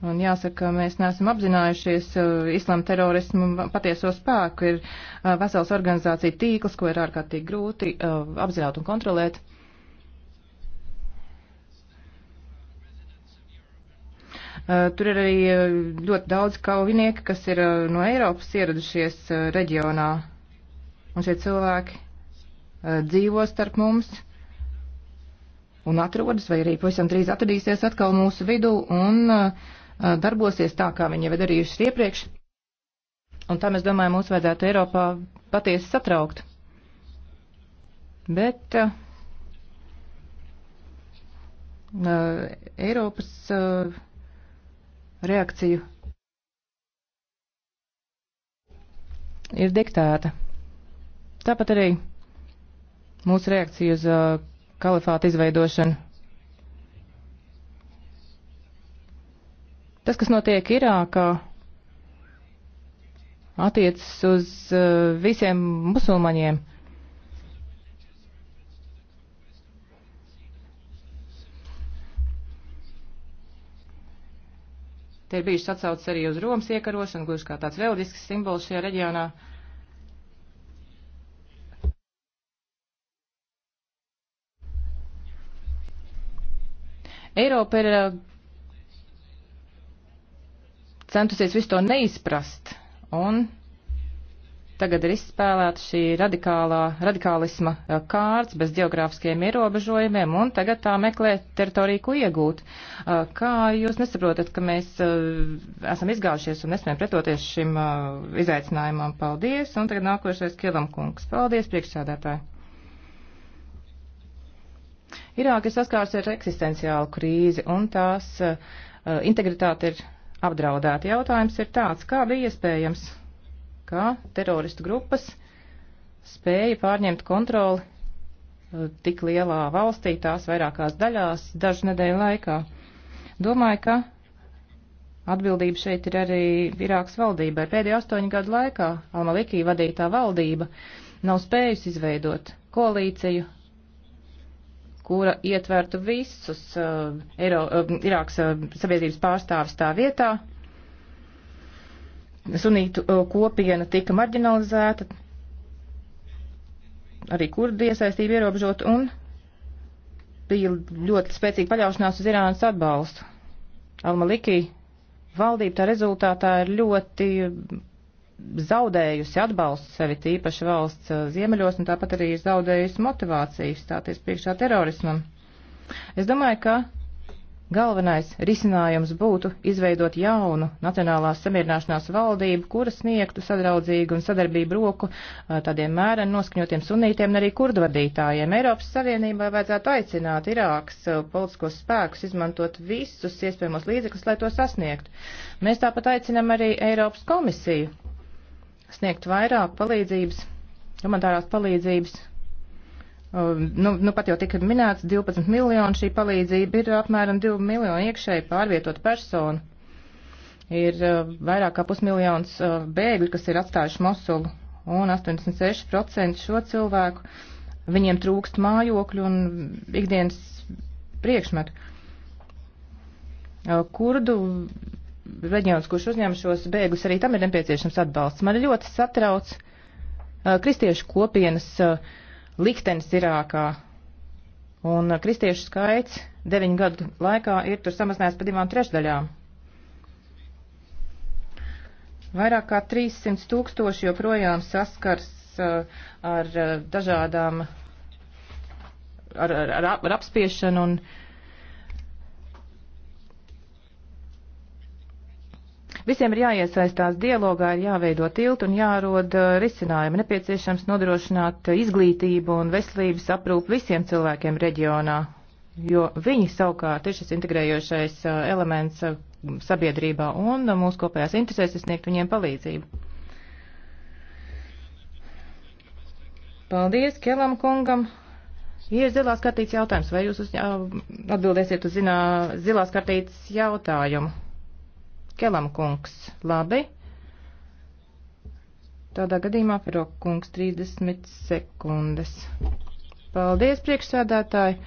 Un jāsaka, mēs neesam apzinājušies uh, islāma terorismu patieso spēku. Ir uh, vesels organizācija tīkls, ko ir ārkārtīgi grūti uh, apzināt un kontrolēt. Eh, tur ir arī eh, ļoti daudz kaujinieki, kas ir eh, no Eiropas ieradušies reģionā. Un šie cilvēki dzīvo starp mums un atrodas, vai arī pavisam drīz atradīsies atkal mūsu vidū un darbosies tā, kā viņi jau ir darījuši iepriekš. Un tam, es domāju, mūs vajadzētu Eiropā patiesi satraukt. Bet uh, Eiropas uh, reakciju ir diktēta. Tāpat arī mūsu reakcija uz uh, kalifāta izveidošanu. Tas, kas notiek Irākā, attiecas uz uh, visiem musulmaņiem. Te ir bijušas atsaucas arī uz Romas iekarošanu, gluži kā tāds reliģisks simbols šajā reģionā. Eiropa ir eh, centusies visu to neizprast un Tagad ir izspēlēta šī radikālā, radikālisma eh, kārts bez geogrāfiskiem ierobežojumiem, un tagad tā meklē teritoriju, ko iegūt. Eh, kā jūs nesaprotat, ka mēs eh, esam izgājušies un nespējam pretoties šim izaicinājumam? Paldies, un tagad nākošais Kilam kungs. Paldies, priekšsēdētāji! Irāka ir saskārusi ar eksistenciālu krīzi, un tās uh, integritāte ir apdraudēta. Jautājums ir tāds, kā bija iespējams kā teroristu grupas spēja pārņemt kontroli eh, tik lielā valstī, tās vairākās daļās, dažu nedēļu laikā. Domāju, ka atbildība šeit ir arī Irākas valdībai. Pēdējo astoņu gadu laikā Almalikī vadītā valdība nav spējusi izveidot koalīciju, kura ietvertu visus uh, Eiro, uh, Irākas uh, sabiedrības pārstāvis tā vietā, sunītu uh, kopiena tika marginalizēta, arī kurdi iesaistība ierobežot un bija ļoti spēcīga paļaušanās uz Irānas atbalstu. Almaliki valdība tā rezultātā ir ļoti zaudējusi atbalstu sevi tīpaši valsts uh, ziemeļos un tāpat arī ir zaudējusi motivāciju stāties priekšā terorismam. Es domāju, ka Galvenais risinājums būtu izveidot jaunu nacionālās samierināšanās valdību, kura sniegtu sadraudzīgu un sadarbību roku tādiem mēren noskaņotiem sunītiem un arī kurdu vadītājiem. Eiropas Savienībai vajadzētu aicināt Irākas politiskos spēkus izmantot visus iespējamos līdzekļus, lai to sasniegtu. Mēs tāpat aicinam arī Eiropas komisiju sniegt vairāk palīdzības, humanitārās palīdzības Ehm, nu, nu pat jau tika minēts, 12 miljoni šī palīdzība ir apmēram 2 miljoni iekšēji pārvietot personu. Ir ehm, vairāk kā pusmiljons ehm, bēgļu, kas ir atstājuši Mosulu, un 86% šo cilvēku, viņiem trūkst mājokļu un ikdienas priekšmetu. Kurdu reģions, kurš uzņem šos bēgus, arī tam ir nepieciešams atbalsts. Man ļoti satrauc kristiešu kopienas uh, liktenis Irākā. Un uh, kristiešu skaits deviņu gadu laikā ir tur samazinājies pa divām trešdaļām. Vairāk kā 300 tūkstoši joprojām saskars uh, ar uh, dažādām, ar, ar, ar, ar apspiešanu un uh, Visiem ir jāiesaistās dialogā, ir jāveido tiltu un jārod uh, risinājumi. Nepieciešams nodrošināt izglītību un veselības aprūpu visiem cilvēkiem reģionā, jo viņi savukārt ir šis integrējošais uh, elements uh, sabiedrībā un mūsu kopējās interesēs ir sniegt viņiem palīdzību. Paldies Kelam kungam. Ir zilās kartītes jautājums. Vai jūs uz, atbildēsiet uz zinā, zilās kartītes jautājumu? Kelam kungs, labi. Tādā gadījumā Pirok kungs 30 sekundes. Paldies, priekšsēdētāji.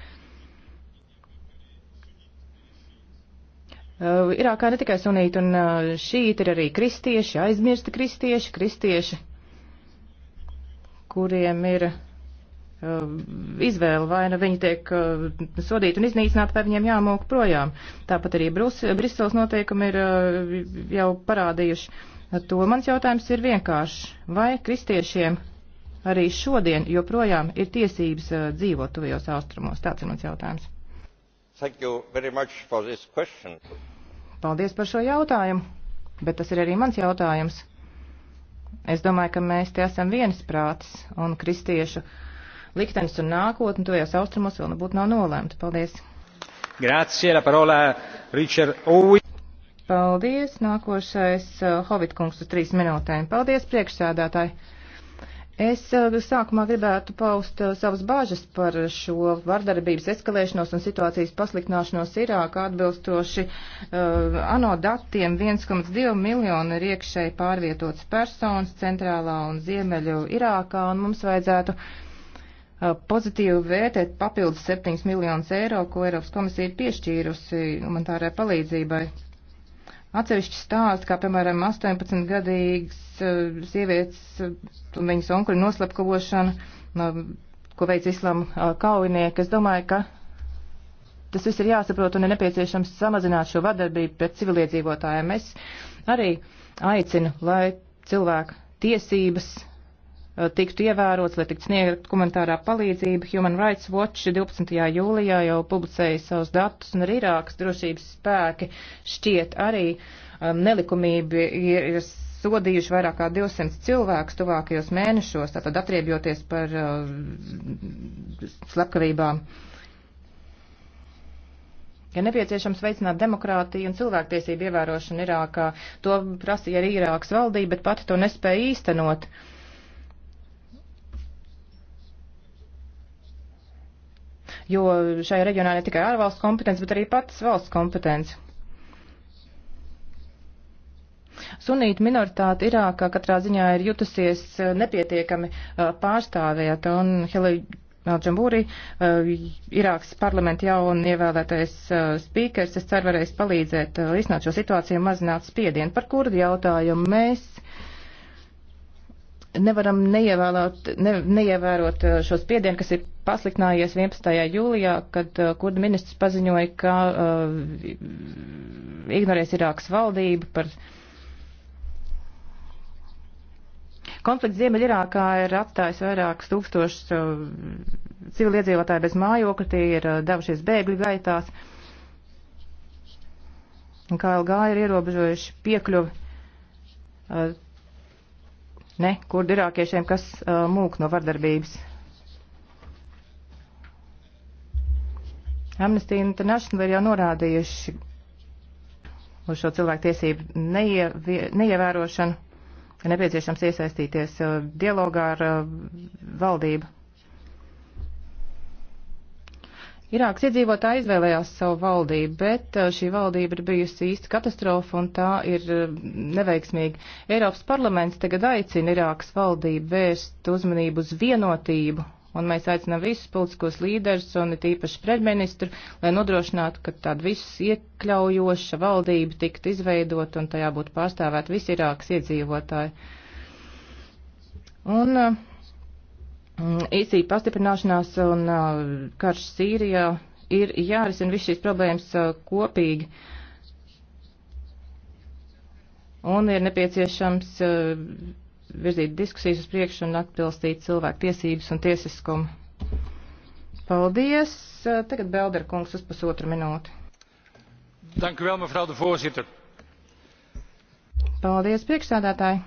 Uh, Irākā ne tikai sunīti un uh, šīti ir arī kristieši, aizmirsti kristieši, kristieši, kuriem ir uh, Um, izvēle, vai nu viņi tiek uh, sodīti un iznīcināti, vai viņiem jāmūk projām. Tāpat arī Brus, Briseles noteikumi ir uh, jau parādījuši to. Mans jautājums ir vienkāršs. Vai kristiešiem arī šodien joprojām ir tiesības uh, dzīvot tuvajos austrumos? Tāds ir mans jautājums. Paldies par šo jautājumu, bet tas ir arī mans jautājums. Es domāju, ka mēs te esam viensprātis un kristiešu uh, liktenis un nākotne tuvējos austrumos vēl nebūtu nav nolēmta. Paldies! Grazie, la parola Richard Owen. Paldies, nākošais uh, Hovitkungs uz trīs minūtēm. Paldies, priekšsēdētāji! Es uh, sākumā gribētu paust uh, savas bāžas par šo vardarbības eskalēšanos un situācijas pasliktināšanos Irākā atbilstoši uh, ANO datiem 1,2 miljonu ir iekšēji pārvietotas personas centrālā un ziemeļu Irākā un mums vajadzētu uh, Uh, pozitīvi vērtēt papildus 7 miljonus eiro, ko Eiropas komisija ir piešķīrusi humanitārai palīdzībai. Atsevišķi stāsti, kā piemēram 18-gadīgas uh, sievietes uh, un viņas onkuļu noslepkavošana, ko veic islama kaujinieki, es domāju, ka tas viss ir jāsaprot un ir nepieciešams samazināt šo vardarbību pret civiliedzīvotājiem. Es arī aicinu, lai cilvēku tiesības Eh, tiktu ievērots, lai tiktu sniegt komentārā palīdzība. Human Rights Watch 12. jūlijā jau publicēja savus datus, un arī Irākas drošības spēki šķiet arī um, eh, nelikumība ir, ir sodījuši vairāk kā 200 cilvēkus tuvākajos mēnešos, tātad atriebjoties par uh, slepkavībām. Ja nepieciešams veicināt demokrātiju un cilvēktiesību ievērošanu Irākā, to prasīja arī Irākas valdība, bet pati to nespēja īstenot. Uh, jo šajā reģionā ne tikai ārvalsts kompetence, bet arī pats valsts kompetence. Sunīta minoritāte Irākā katrā ziņā ir jutusies eh, nepietiekami eh, pārstāvēta, un Helija Meldžambūrī, eh, Irāks parlamenta jaun ievēlētais spīkers, es ceru varēs palīdzēt risināt šo situāciju un mazināt spiedienu par kurdu jautājumu mēs nevaram neievēlot, ne, neievērot eh, šo spiedienu, kas ir pasliktinājies 11. jūlijā, kad eh, kurda ministrs paziņoja, ka uh, ignorēs Irākas valdību par. Konflikts Ziemeļirākā ir atstājis vairākus tūkstošus uh, civiliedzīvotāju bez mājokļa, tie ir uh, devušies bēgļu gaitās. KLG ir ierobežojuši piekļuvi uh, ne kurdu irākiešiem, kas uh, mūk no vardarbības. Amnesty International ir jau norādījuši uz šo cilvēktiesību neie, neievērošanu, ka nepieciešams iesaistīties dialogā ar valdību. Irāks iedzīvotāji izvēlējās savu valdību, bet uh, šī valdība ir bijusi īsta katastrofa un tā ir uh, neveiksmīga. Eiropas parlaments tagad aicina Irākas valdību vērst uzmanību uz vienotību, un mēs aicinām visus politiskos līderus un it īpaši premjerministru, lai nodrošinātu, ka tāda visus iekļaujoša valdība tiktu izveidot un tajā būtu pārstāvēt visi Irākas iedzīvotāji. Un, uh, īsī mm, pastiprināšanās un uh, karš Sīrijā ir jārisina viss šīs problēmas uh, kopīgi. Un ir nepieciešams uh, virzīt diskusijas uz priekšu un atbilstīt cilvēku tiesības un tiesiskumu. Paldies. Tagad Belder kungs uz pusotru minūti. Dank u wel, mevrouw de voorzitter. Paldies, priekšsādātāji.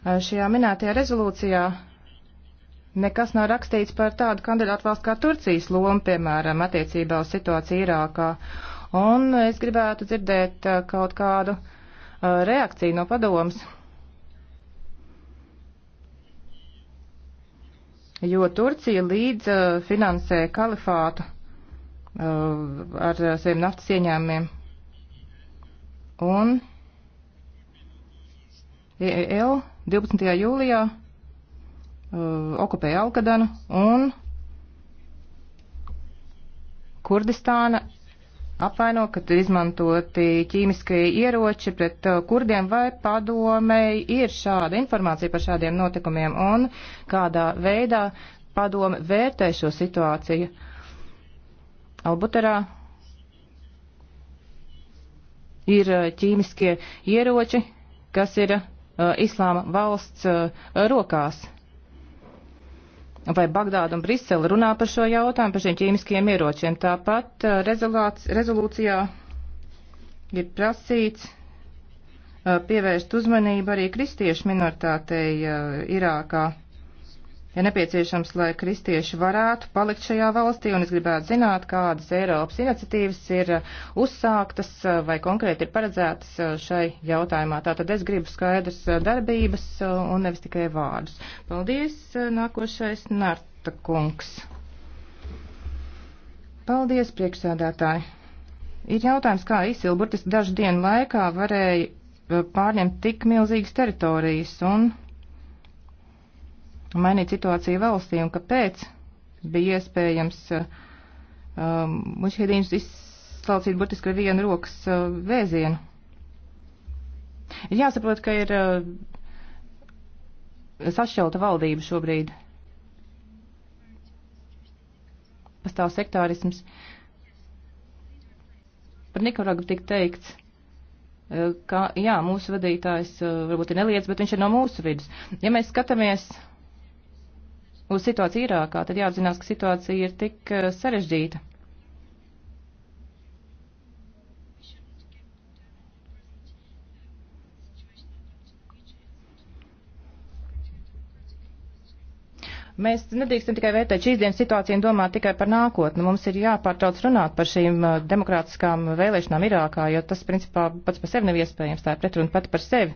Šajā minētajā rezolūcijā nekas nav rakstīts par tādu kandidātu valsts kā Turcijas lomu, piemēram, attiecībā uz situāciju Irākā. Un es gribētu dzirdēt kaut kādu reakciju no padomas. Jo Turcija līdz finansē kalifātu ar saviem naftas ieņēmumiem. Un IL e 12. jūlijā uh, okupēja Alkadanu un Kurdistāna apvaino, ka ir izmantoti ķīmiskie ieroči pret uh, kurdiem vai padomei ir šāda informācija par šādiem notikumiem un kādā veidā padome vērtē šo situāciju. Albuterā ir uh, ķīmiskie ieroči, kas ir Uh, islāma valsts uh, rokās. Vai Bagdāda un Brisele runā par šo jautājumu, par šiem ķīmiskiem ieročiem? Tāpat uh, rezolūcijā ir prasīts pievērst uzmanību arī kristiešu minoritātei Irākā ir nepieciešams, lai kristieši varētu palikt šajā valstī, un es gribētu zināt, kādas Eiropas iniciatīvas ir uh, uzsāktas uh, vai konkrēti ir paredzētas uh, šai jautājumā. Tātad es gribu skaidrs darbības un nevis tikai vārdus. Paldies, nākošais Narta kungs. Paldies, priekšsēdētāji. Ir jautājums, kā ISIL burtiski dažu dienu laikā varēja pārņemt tik milzīgas teritorijas un mainīt situāciju valstī un kāpēc bija iespējams uh, um, mušķiedījums izslaucīt burtiski ar vienu rokas uh, vēzienu. Ir jāsaprot, ka ir uh, sašķelta valdība šobrīd. Pastāv sektārisms. Par Nikaragu tik teikts, uh, ka, jā, mūsu vadītājs uh, varbūt ir neliec, bet viņš ir no mūsu vidus. Ja mēs skatāmies uz situāciju Irākā, tad jāapzinās, ka situācija ir tik eh, sarežģīta. Mēs nedrīkstam tikai vērtēt šīs dienas situāciju un domāt tikai par nākotni. Mums ir jāpārtrauc runāt par šīm eh, demokrātiskām vēlēšanām Irākā, jo tas, principā, pats par sevi nav iespējams. Tā ir pretruna pati par sevi.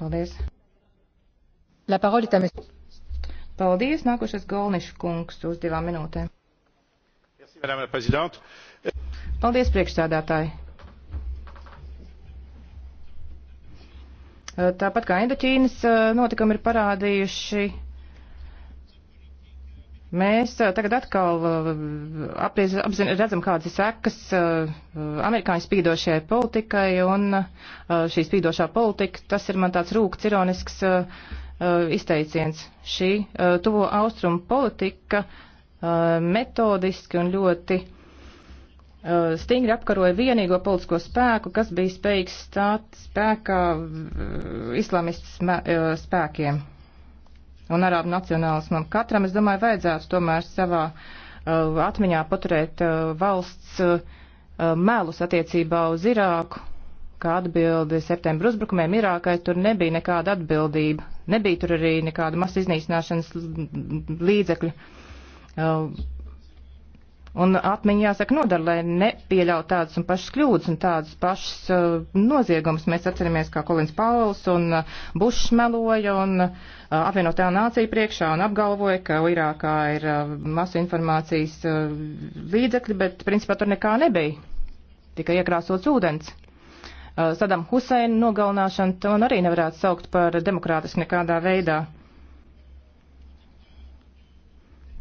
Paldies. Paldies. Nākošais Golniša kungs uz divām minūtēm. Paldies, priekšstādātāji. Tāpat kā Indoķīnas notikumi ir parādījuši Mēs uh, tagad atkal uh, apriez, apzin, redzam, kādas ir sekas uh, amerikāņu spīdošajai politikai, un šī spīdošā politika, tas ir man tāds rūkts, ironisks izteiciens. Šī tuvo austrumu politika metodiski un ļoti stingri apkaroja vienīgo politisko spēku, kas bija spējīgs stāt spēkā islamistu spēkiem un arābu nacionālismam. Katram, es domāju, vajadzētu tomēr savā uh, atmiņā paturēt uh, valsts uh, melus attiecībā uz Irāku, kā atbildi septembra uzbrukumiem Irākai, tur nebija nekāda atbildība, nebija tur arī nekāda masa iznīcināšanas līdzekļu. Uh, Un atmiņā jāsaka nodara, lai nepieļautu tādas un pašas kļūdas un tādas pašas uh, noziegumus. Mēs atceramies, kā Kolins Pauls un uh, Bušs meloja un uh, apvienotā nācija priekšā un apgalvoja, ka Irākā ir uh, masu informācijas uh, līdzekļi, bet principā tur nekā nebija. Tikai iekrāsots ūdens. Uh, Sadam Huseina nogalināšanu to nu arī nevarētu saukt par demokrātisku nekādā veidā. Uh,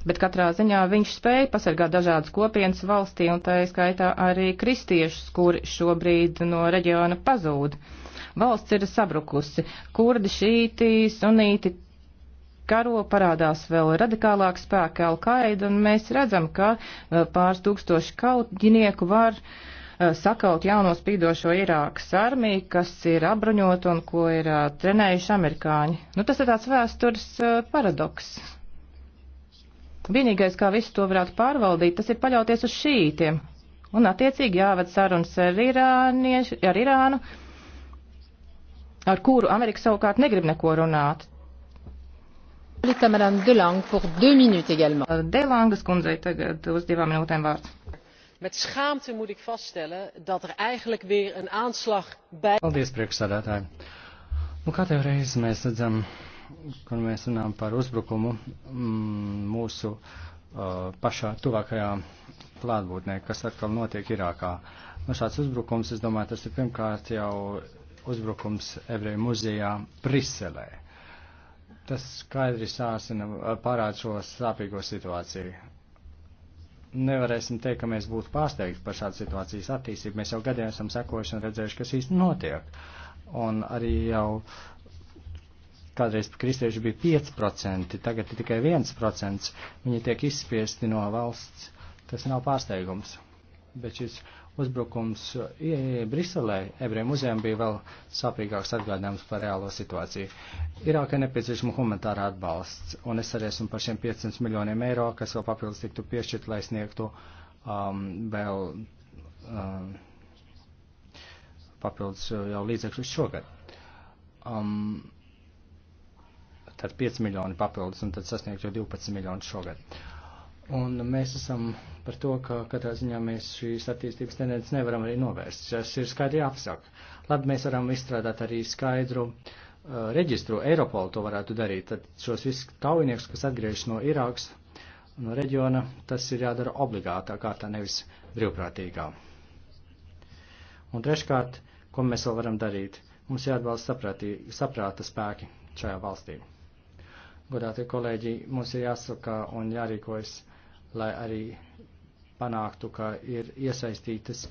Bet katrā ziņā viņš spēja pasargāt dažādas kopienas valstī, un tā skaitā arī kristiešus, kuri šobrīd no reģiona pazūd. Valsts ir sabrukusi. Kurdi, šīti, sunīti karo parādās vēl radikālāk spēki Alkaida, un mēs redzam, ka eh, pāris tūkstoši kautģinieku var eh, sakaut jauno spīdošo Irākas armiju, kas ir apbruņota un ko ir eh, trenējuši amerikāņi. Nu, tas ir tāds vēstures paradoks. Vienīgais, kā visu to varētu pārvaldīt, tas ir paļauties uz šītiem. Un, attiecīgi, jāved sarunas ar, Irāniešu, ar Irānu, ar kuru Amerika savukārt negrib neko runāt. Delangas kundzei tagad uz divām minūtēm vārds. Met schaamte moet ik vaststellen dat er eigenlijk weer een aanslag bij. Paldies, priekšsādātāji. Nu, kā tev reiz mēs redzam kur mēs runājam par uzbrukumu mm, mūsu uh, pašā tuvākajā klātbūtnē, kas atkal notiek Irākā. Nu, šāds uzbrukums, es domāju, tas ir pirmkārt jau uzbrukums Ebreju muzejā Briselē. Tas skaidri sāsina uh, parād šo sāpīgo situāciju. Nevarēsim teikt, ka mēs būtu pārsteigti par šādu situācijas attīstību. Mēs jau gadiem esam sekojuši un redzējuši, kas īsti notiek. Un arī jau uh, kādreiz kristieši bija 5%, tagad ir tikai 1%, viņi tiek izspiesti no valsts. Tas nav pārsteigums. Bet šis uzbrukums Briselē ebrejiem muzejiem bija vēl sāpīgāks atgādinājums par reālo situāciju. Irākai nepieciešama humanitārā atbalsts, un es arī esmu par šiem 500 miljoniem eiro, kas vēl papildus tiktu piešķirt, lai sniegtu um, vēl um, papildus uh, jau līdzekļus šogad. Um, tad 5 miljoni papildus, un tad sasniegt jau 12 miljonus šogad. Un mēs esam par to, ka katrā ziņā mēs šīs attīstības tendences nevaram arī novērst. Tas ir skaidri jāapsaka. Labi, mēs varam izstrādāt arī skaidru uh, reģistru, Eiropolu to varētu darīt. Tad šos visus kaujiniekus, kas atgriežas no Irākas, no reģiona, tas ir jādara obligātā kārtā, nevis brīvprātīgā. Un treškārt, ko mēs vēl varam darīt? Mums jāatbalsta saprāta spēki šajā valstī godātie kolēģi, mums ir jāsaka un jārīkojas, lai arī panāktu, ka ir iesaistītas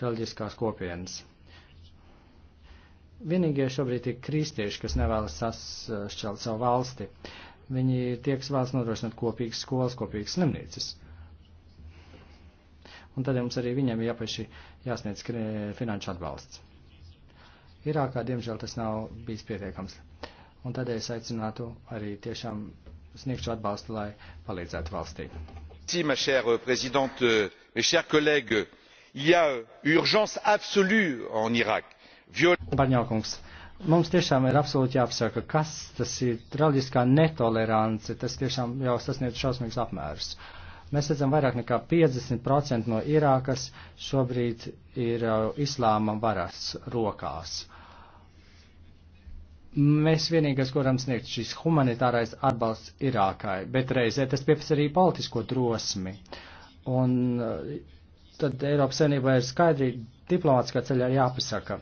reliģiskās kopienas. Vienīgie šobrīd ir kristieši, kas nevēlas sasšķelt savu valsti. Viņi ir tie, kas vēlas nodrošināt kopīgas skolas, kopīgas slimnīcas. Un tad mums arī viņiem jāpaši jāsniedz finanšu atbalsts. Irākā, diemžēl, tas nav bijis pietiekams un tādēļ es aicinātu arī tiešām sniegšu atbalstu, lai palīdzētu valstī. Ma chère présidente, mes chers collègues, il y a urgence absolue en Irak. Viol... Barņaukungs, mums tiešām ir absolūti jāapsaka, kas tas ir traģiskā netolerance, tas tiešām jau sasniedz šausmīgs apmērs. Mēs redzam, vairāk nekā 50% no Irākas šobrīd ir uh, islāma varas rokās. Mēs vienīgais, ko varam sniegt, šis humanitārais atbalsts Irākai, bet reizē tas pieprasa arī politisko drosmi. Un eh, tad Eiropas Savienībā ir skaidri diplomātiskā ceļā jāpasaka.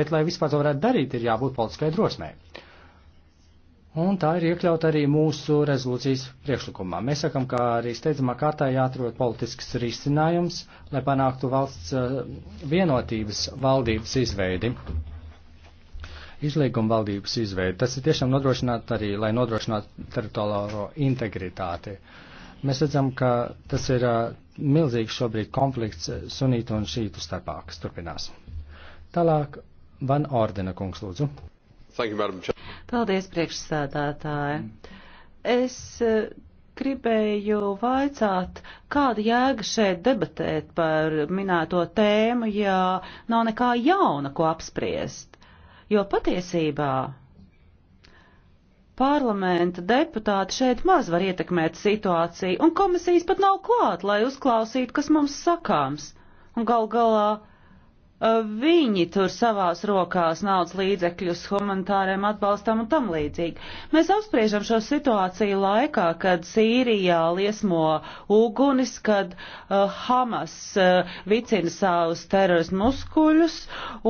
Bet, lai vispār to varētu darīt, ir jābūt politiskai drosmei. Un tā ir iekļauta arī mūsu rezolūcijas priekšlikumā. Mēs sakam, ka arī steidzamā kārtā jāatrod politisks risinājums, lai panāktu valsts eh, vienotības valdības izveidi izlīguma valdības izveidi. Tas ir tiešām nodrošināt arī, lai nodrošinātu teritoriālo integritāti. Mēs redzam, ka tas ir uh, milzīgs šobrīd konflikts sunītu un šītu starpā, kas turpinās. Tālāk, Van Ordena kungs, lūdzu. You, Paldies, priekšsēdētāji. Es gribēju vaicāt, kāda jēga šeit debatēt par minēto tēmu, ja nav nekā jauna, ko apspriest jo patiesībā parlamenta deputāti šeit maz var ietekmēt situāciju, un komisijas pat nav klāt, lai uzklausītu, kas mums sakāms. Un gal galā Uh, viņi tur savās rokās naudas līdzekļus humanitāriem atbalstam un tam līdzīgi. Mēs apspriežam šo situāciju laikā, kad Sīrijā liesmo ugunis, kad uh, Hamas uh, vicina savus terorismu muskuļus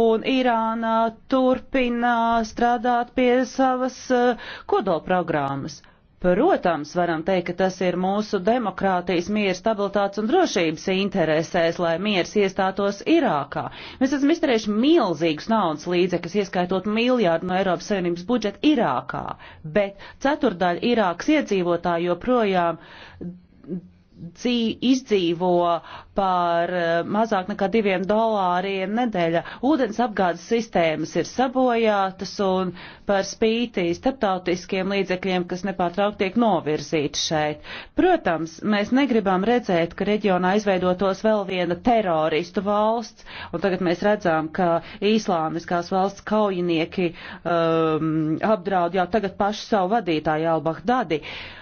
un Irāna turpina strādāt pie savas uh, kodolprogrammas. Protams, varam teikt, ka tas ir mūsu demokrātijas, miera, stabilitātes un drošības interesēs, lai miers iestātos Irākā. Mēs esam izterējuši milzīgus naudas līdzekļus, ieskaitot miljārdu no Eiropas Savienības budžeta Irākā, bet ceturdaļa Irākas iedzīvotāji joprojām dzī, izdzīvo par eh, mazāk nekā diviem dolāriem nedēļā. Ūdens apgādes sistēmas ir sabojātas un par spīti starptautiskiem līdzekļiem, kas nepārtraukt tiek novirzīti šeit. Protams, mēs negribam redzēt, ka reģionā izveidotos vēl viena teroristu valsts, un tagad mēs redzam, ka īslāmiskās valsts kaujinieki um, apdraud jau tagad pašu savu vadītāju Albahdadi. Uh,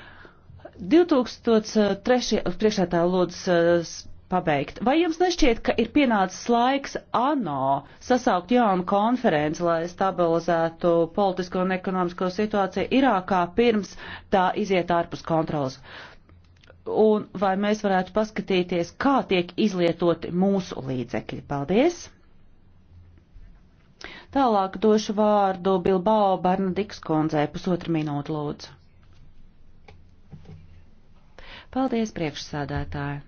2003. priekšētā lūdzu eh, pabeigt. Vai jums nešķiet, ka ir pienācis laiks ANO sasaukt jaunu konferenci, lai stabilizētu politisko un ekonomisko situāciju Irākā pirms tā iziet ārpus kontrolas? Un vai mēs varētu paskatīties, kā tiek izlietoti mūsu līdzekļi? Paldies! Tālāk došu vārdu Bilbao Barnadiks kundzei pusotru minūtu lūdzu. Paldies, priekšsādātāji!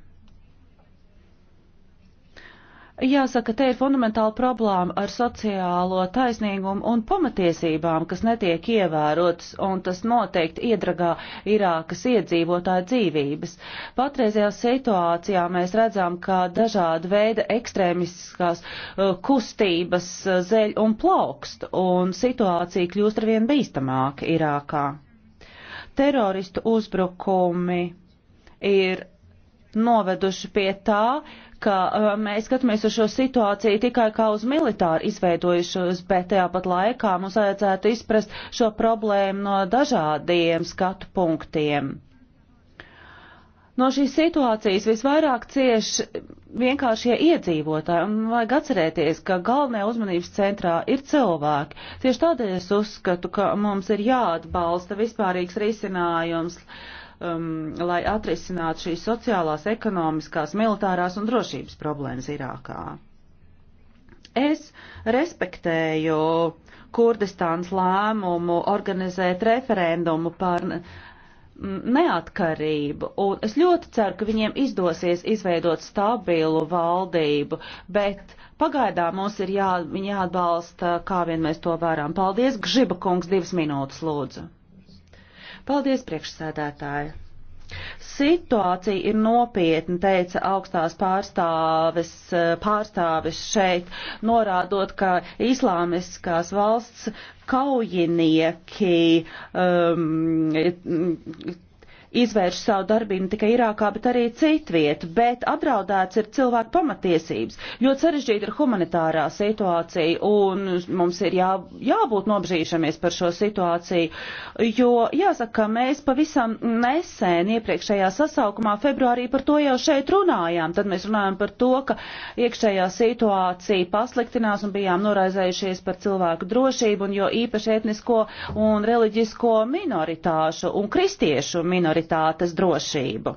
Jāsaka, te ir fundamentāla problēma ar sociālo taisnīgumu un pamatiesībām, kas netiek ievērotas, un tas noteikti iedragā Irākas iedzīvotāju dzīvības. Patreizajā situācijā mēs redzam, ka dažāda veida ekstrēmiskās uh, kustības uh, zeļ un plaukst, un situācija kļūst arvien bīstamāka Irākā. Teroristu uzbrukumi ir noveduši pie tā, ka uh, mēs skatāmies uz šo situāciju tikai kā uz militāru izveidojušos, bet tāpat laikā mums vajadzētu izprast šo problēmu no dažādiem skatu punktiem. No šīs situācijas visvairāk cieš vienkāršie iedzīvotāji, un vajag atcerēties, ka galvenajā uzmanības centrā ir cilvēki. Tieši tādēļ es uzskatu, ka mums ir jāatbalsta vispārīgs risinājums. Uh, um, lai atrisinātu šīs sociālās, ekonomiskās, militārās un drošības problēmas Irākā. Es respektēju Kurdistāns lēmumu organizēt referendumu par neatkarību, un es ļoti ceru, ka viņiem izdosies izveidot stabilu valdību, bet pagaidām mums ir jā, jāatbalsta, kā vien mēs to varam. Paldies, Gžiba kungs, divas minūtes lūdzu. Paldies, priekšsēdētāji! Situācija ir nopietna, teica augstās pārstāves, pārstāves šeit, norādot, ka islāmiskās valsts kaujinieki um, izvērš savu darbību ne tikai Irākā, bet arī citvietu, bet apdraudēts ir cilvēku pamatiesības. Ļoti sarežģīta ir humanitārā situācija, un mums ir jā, jābūt nobrīžamies par šo situāciju, jo jāsaka, ka mēs pavisam nesen iepriekšējā sasaukumā februārī par to jau šeit runājām. Tad mēs runājām par to, ka iekšējā situācija pasliktinās un bijām noraizējušies par cilvēku drošību, un jo īpaši etnisko un reliģisko minoritāšu un kristiešu minoritāšu kvalitātes drošību.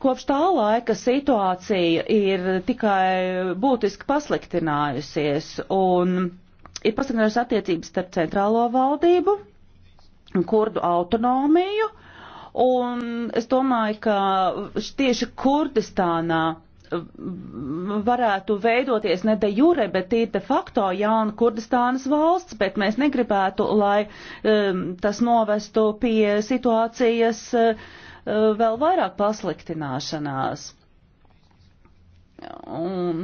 Kopš tā laika situācija ir tikai būtiski pasliktinājusies un ir pasliktinājusies attiecības starp centrālo valdību, kurdu autonomiju, un es domāju, ka tieši Kurdistānā varētu veidoties ne de jure, bet tīri de facto jauna Kurdistānas valsts, bet mēs negribētu, lai um, tas novestu pie situācijas uh, uh vēl vairāk pasliktināšanās. Un,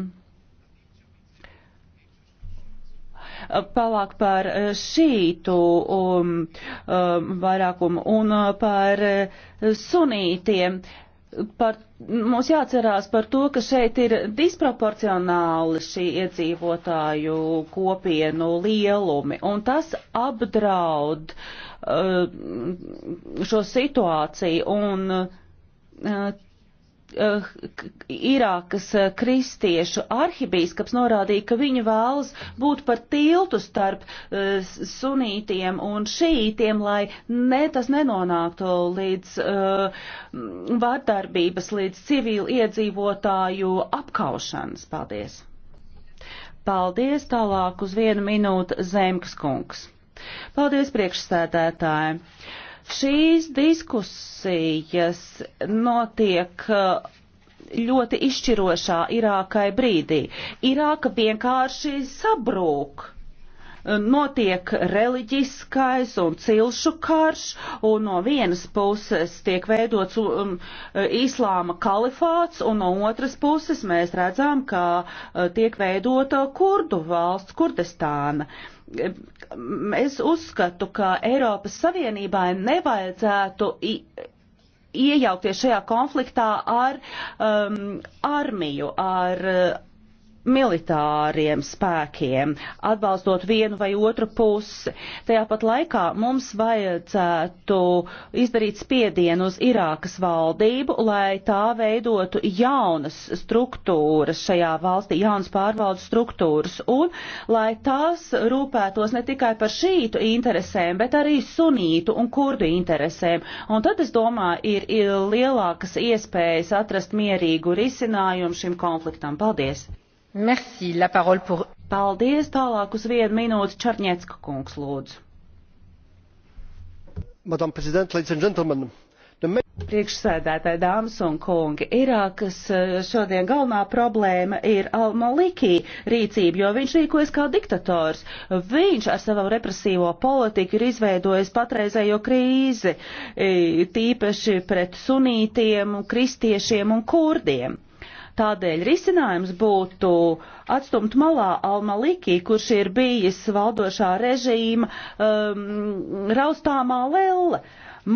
palāk par šītu um, um, vairākumu un uh, par sunītiem. Uh, par, mums jāatcerās par to, ka šeit ir disproporcionāli šī iedzīvotāju kopienu lielumi, un tas apdraud uh, šo situāciju, un uh, Eh, Irākas eh, kristiešu arhibīskaps norādīja, ka viņi vēlas būt par tiltu starp eh, sunītiem un šītiem, lai ne tas nenonāktu līdz uh, vārdarbības, līdz civilu iedzīvotāju apkaušanas. Paldies! Paldies! Tālāk uz vienu minūtu Zemkas kungs. Paldies priekšsēdētājiem! Šīs diskusijas notiek uh, ļoti izšķirošā Irākai brīdī. Irāka vienkārši sabrūk notiek reliģiskais un cilšu karš, un no vienas puses tiek veidots um, islāma kalifāts, un no otras puses mēs redzam, ka uh, tiek veidota kurdu valsts, Kurdistāna. Uh, Es uzskatu, ka Eiropas Savienībai nevajadzētu iejaukties šajā konfliktā ar um, armiju, ar uh, militāriem spēkiem, atbalstot vienu vai otru pusi. Tajā pat laikā mums vajadzētu izdarīt spiedienu uz Irākas valdību, lai tā veidotu jaunas struktūras šajā valstī, jaunas pārvaldes struktūras, un lai tās rūpētos ne tikai par šītu interesēm, bet arī sunītu un kurdu interesēm. Un tad, es domāju, ir, ir lielākas iespējas atrast mierīgu risinājumu šim konfliktam. Paldies! Merci, la parole pour. Paldies, tālāk uz vienu minūti Čarņecka kungs lūdzu. Madam President, ladies and gentlemen. The... Priekšsēdētāji, dāmas un kungi, Irākas eh, šodien galvenā problēma ir Al-Maliki rīcība, jo viņš rīkojas kā diktators. Viņš ar savu represīvo politiku ir izveidojis patreizējo krīzi, eh, tīpaši pret sunītiem, kristiešiem un kurdiem. Tādēļ risinājums būtu atstumt malā Almalikī, kurš ir bijis valdošā režīma um, raustāmā lelle.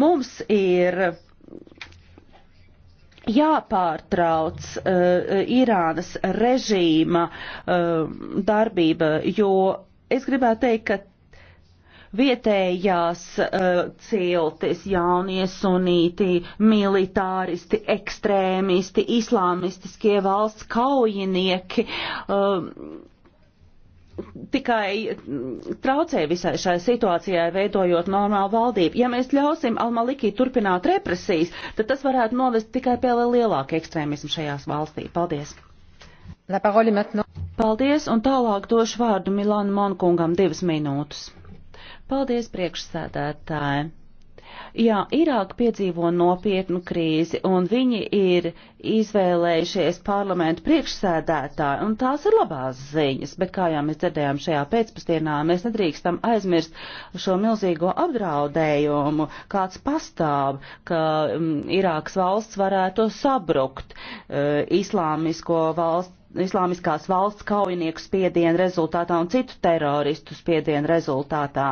Mums ir jāpārtrauc uh, Irānas režīma uh, darbība, jo es gribētu teikt, ka vietējās uh, ciltis, jaunie sunīti, militāristi, ekstrēmisti, islāmistiskie valsts kaujinieki. Uh, tikai traucē visai šai situācijai, veidojot normālu valdību. Ja mēs ļausim Almalikī turpināt represijas, tad tas varētu novest tikai pie lielāka ekstrēmismu šajās valstī. Paldies! Paldies, un tālāk došu vārdu Milānu Monkungam divas minūtes. Paldies priekšsēdētāji! Jā, Irāka piedzīvo nopietnu krīzi, un viņi ir izvēlējušies parlamentu priekšsēdētāju, un tās ir labās ziņas, bet kā jau mēs dzirdējām šajā pēcpusdienā, mēs nedrīkstam aizmirst šo milzīgo apdraudējumu, kāds pastāv, ka um, Irākas valsts varētu sabrukt uh, islāmisko valstu islāmiskās valsts kaujinieku spiedienu rezultātā un citu teroristu spiedienu rezultātā.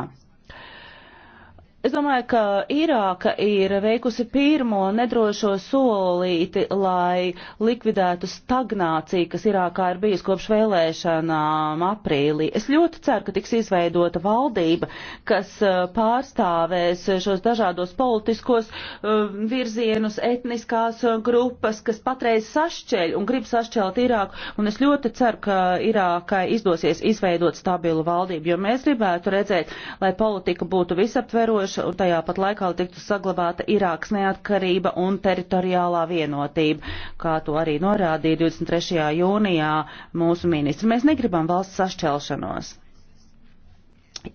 Es domāju, ka Irāka ir veikusi pirmo nedrošo solīti, lai likvidētu stagnāciju, kas Irākā ir bijusi kopš vēlēšanām aprīlī. Es ļoti ceru, ka tiks izveidota valdība, kas uh, pārstāvēs šos dažādos politiskos uh, virzienus, etniskās uh, grupas, kas patreiz sašķeļ un grib sašķelt Irāku. Un es ļoti ceru, ka Irākai izdosies izveidot stabilu valdību, jo mēs gribētu redzēt, lai politika būtu visaptveroša jānodrošina, un tajā pat laikā tiktu saglabāta Irākas neatkarība un teritoriālā vienotība, kā to arī norādīja 23. jūnijā mūsu ministri. Mēs negribam valsts sašķelšanos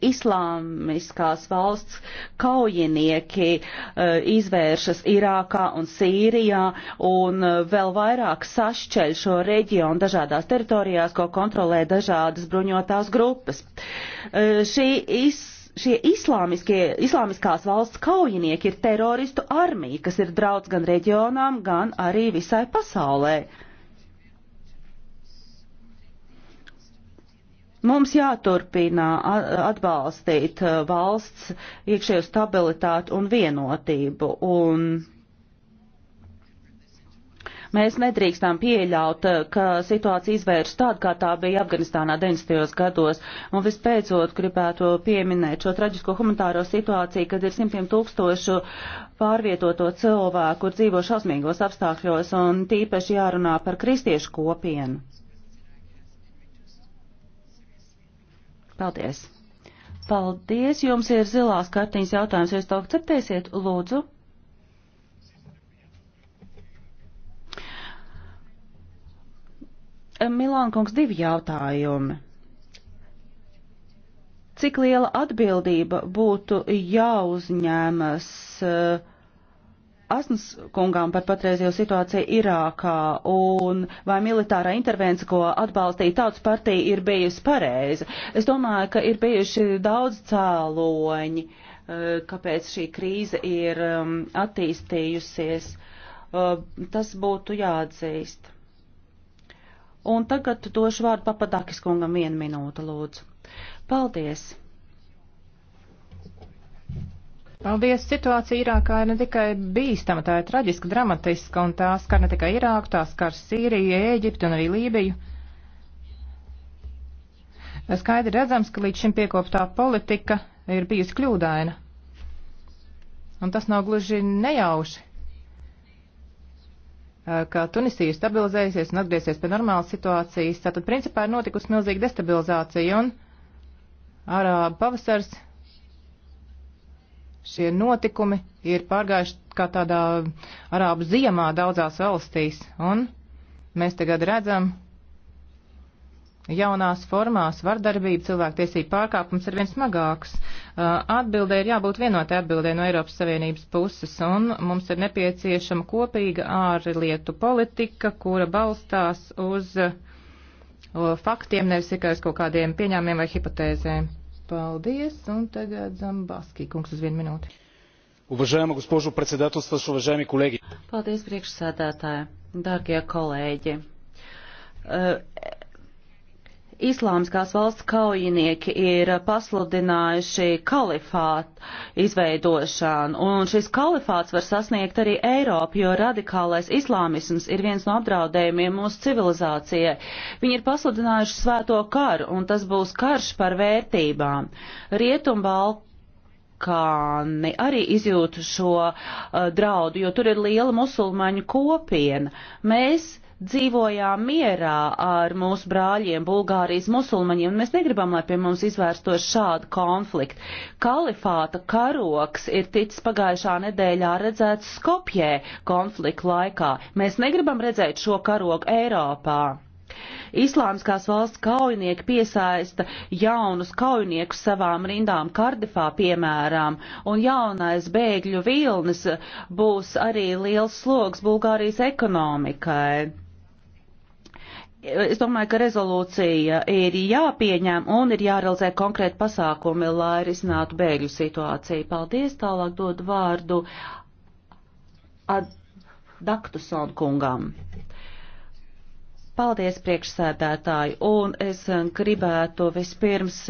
islāmiskās valsts kaujinieki uh, izvēršas Irākā un Sīrijā un uh, vēl vairāk sašķeļ šo reģionu dažādās teritorijās, ko kontrolē dažādas bruņotās grupas. Uh, šī is šie islāmiskās valsts kaujinieki ir teroristu armija, kas ir draudz gan reģionām, gan arī visai pasaulē. Mums jāturpina atbalstīt valsts iekšējo stabilitātu un vienotību. Un Mēs nedrīkstam pieļaut, eh, ka situācija izvērš tāda, kā tā bija Afganistānā 90. gados. Un vispēcot gribētu pieminēt šo traģisko humanitāro situāciju, kad ir simtiem tūkstošu pārvietoto cilvēku, kur dzīvo šausmīgos apstākļos, un tīpaši jārunā par kristiešu kopienu. Paldies! Paldies! Jums ir zilās kartiņas jautājums, jūs to akceptēsiet? Lūdzu! Eh, Milānkungs, divi jautājumi. Cik liela atbildība būtu jāuzņēmas uh, eh, Asnas kungām par patreizējo situāciju Irākā un vai militārā intervence, ko atbalstīja tautas partija, ir bijusi pareiza. Es domāju, ka ir bijuši daudz cēloņi, eh, kāpēc šī krīze ir mm, attīstījusies. Tas būtu jāatzīst. Un tagad došu vārdu papadakis kungam vienu minūtu, lūdzu. Paldies! Paldies! Situācija Irākā ir ne tikai bīstama, tā ir traģiska, dramatiska, un tā skar ne tikai Irāku, tā skar Sīriju, Ēģiptu un arī Lībiju. Skaidri redzams, ka līdz šim piekoptā politika ir bijusi kļūdaina. Un tas nav gluži nejauši. Eh, ka Tunisija ir stabilizējusies un atgriezies pie normālas situācijas. Tātad, principā, ir notikusi milzīga destabilizācija un arābu pavasars. Šie notikumi ir pārgājuši kā tādā arābu ziemā daudzās valstīs, un mēs tagad redzam, jaunās formās vardarbība, cilvēktiesība pārkāpums ir viens smagāks. Uh, atbildē ir jābūt vienotai atbildē no Eiropas Savienības puses, un mums ir nepieciešama kopīga ārlietu politika, kura balstās uz uh, faktiem, nevis tikai uz kaut kādiem pieņēmumiem vai hipotēzēm. Paldies, un tagad Zambaski, kungs uz vienu minūti. Уважаема госпожо председателстващ, уважаеми колеги. Paldies, priekšsēdētāji, dārgie kolēģi. Uh, Islāmskās valsts kaujinieki ir pasludinājuši kalifātu izveidošanu, un šis kalifāts var sasniegt arī Eiropu, jo radikālais islāmisms ir viens no apdraudējumiem mūsu civilizācijai. Viņi ir pasludinājuši svēto karu, un tas būs karš par vērtībām. Rietumbalk Balkāni arī izjūtu šo uh, draudu, jo tur ir liela musulmaņu kopiena. Mēs dzīvojām mierā ar mūsu brāļiem, Bulgārijas musulmaņiem, un mēs negribam, lai pie mums izvērstos šādu konfliktu. Kalifāta karoks ir ticis pagājušā nedēļā redzēts Skopjē konflikta laikā. Mēs negribam redzēt šo karogu Eiropā. Islāmskās valsts kaujinieki piesaista jaunus kaujiniekus savām rindām Kardifā, piemēram, un jaunais bēgļu vilnis būs arī liels sloks Bulgārijas ekonomikai. Es domāju, ka rezolūcija ir jāpieņem un ir jārealizē konkrēti pasākumi, lai risinātu bēgļu situāciju. Paldies, tālāk dod vārdu Daktuson kungam. Paldies, priekšsēdētāji, un es gribētu vispirms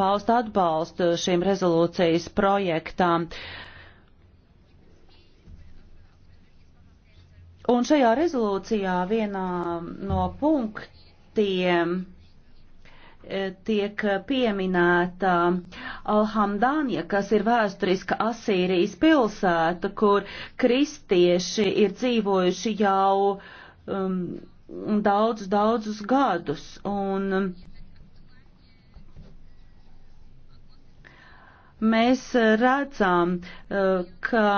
paust atbalstu šīm rezolūcijas projektām. Uh, Un šajā rezolūcijā vienā no punktiem eh, tiek pieminēta Alhamdānija, kas ir vēsturiska Asīrijas pilsēta, kur kristieši ir dzīvojuši jau um, daudzus, daudzus gadus. Un mēs redzam, eh, ka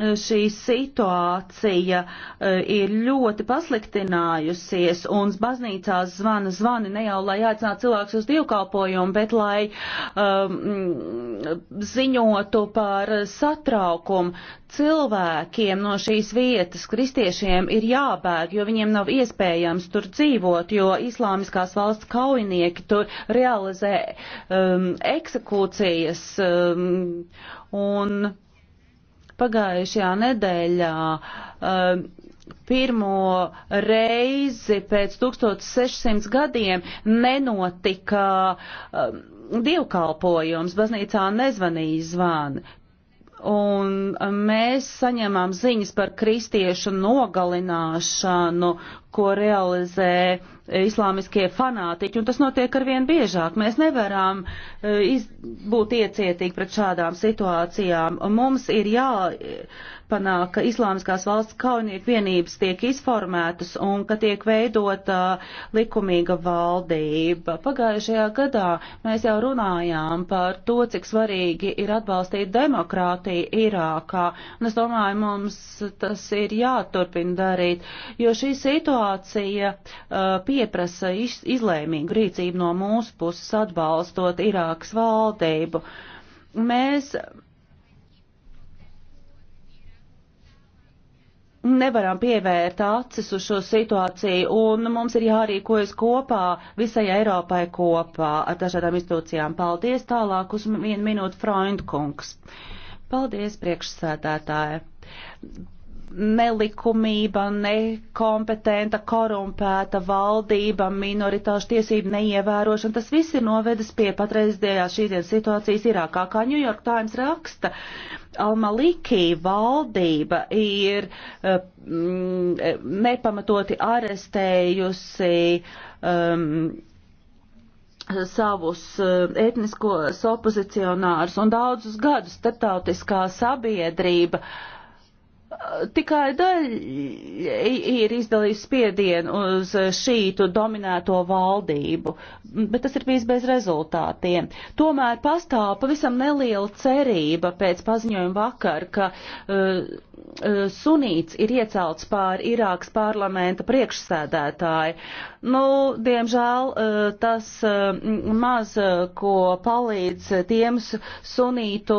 šī situācija eh, ir ļoti pasliktinājusies un baznīcās zvana zvani ne jau, lai aicinātu cilvēkus uz dievkalpojumu, bet lai um, ziņotu par satraukumu. Cilvēkiem no šīs vietas, kristiešiem, ir jābēg, jo viņiem nav iespējams tur dzīvot, jo islāmiskās valsts kaujinieki tur realizē um, eksekūcijas. Um, un pagājušajā nedēļā uh, pirmo reizi pēc 1600 gadiem nenotika um, eh, dievkalpojums, baznīcā nezvanīja zvani un mēs saņemam ziņas par kristiešu nogalināšanu, ko realizē islāmiskie fanātiķi, un tas notiek arvien biežāk. Mēs nevaram e, iz, būt iecietīgi pret šādām situācijām. Mums ir jā jāpanāk, ka islāmiskās valsts kaujinieku vienības tiek izformētas un ka tiek veidota likumīga valdība. Pagājušajā gadā mēs jau runājām par to, cik svarīgi ir atbalstīt demokrātiju Irākā, un es domāju, mums tas ir jāturpina darīt, jo šī situācija uh, pieprasa iz, izlēmīgu rīcību no mūsu puses atbalstot Irākas valdību. Mēs nevaram pievērt acis uz šo situāciju, un mums ir jārīkojas kopā visai Eiropai kopā ar dažādām institūcijām. Paldies tālāk uz vienu minūtu, Freund kungs. Paldies, priekšsēdētāji nelikumība, nekompetenta, korumpēta valdība, minoritāšu tiesību neievērošana, tas viss ir novedis pie patreizdējās šīdienas situācijas Irākā. Kā New York Times raksta, Almaliki valdība ir eh, mm, nepamatoti arestējusi um, savus eh, etniskos opozicionārus un daudzus gadus starptautiskā sabiedrība uh, tikai daļa ir izdalījis spiedienu uz šītu dominēto valdību, bet tas ir bijis bez rezultātiem. Tomēr pastāv pavisam neliela cerība pēc paziņojuma vakar, ka uh, uh sunīts ir iecelts pār Irākas parlamenta priekšsēdētāju. Uh, Nu, diemžēl eh, tas eh, maz eh, ko palīdz tiem sunītu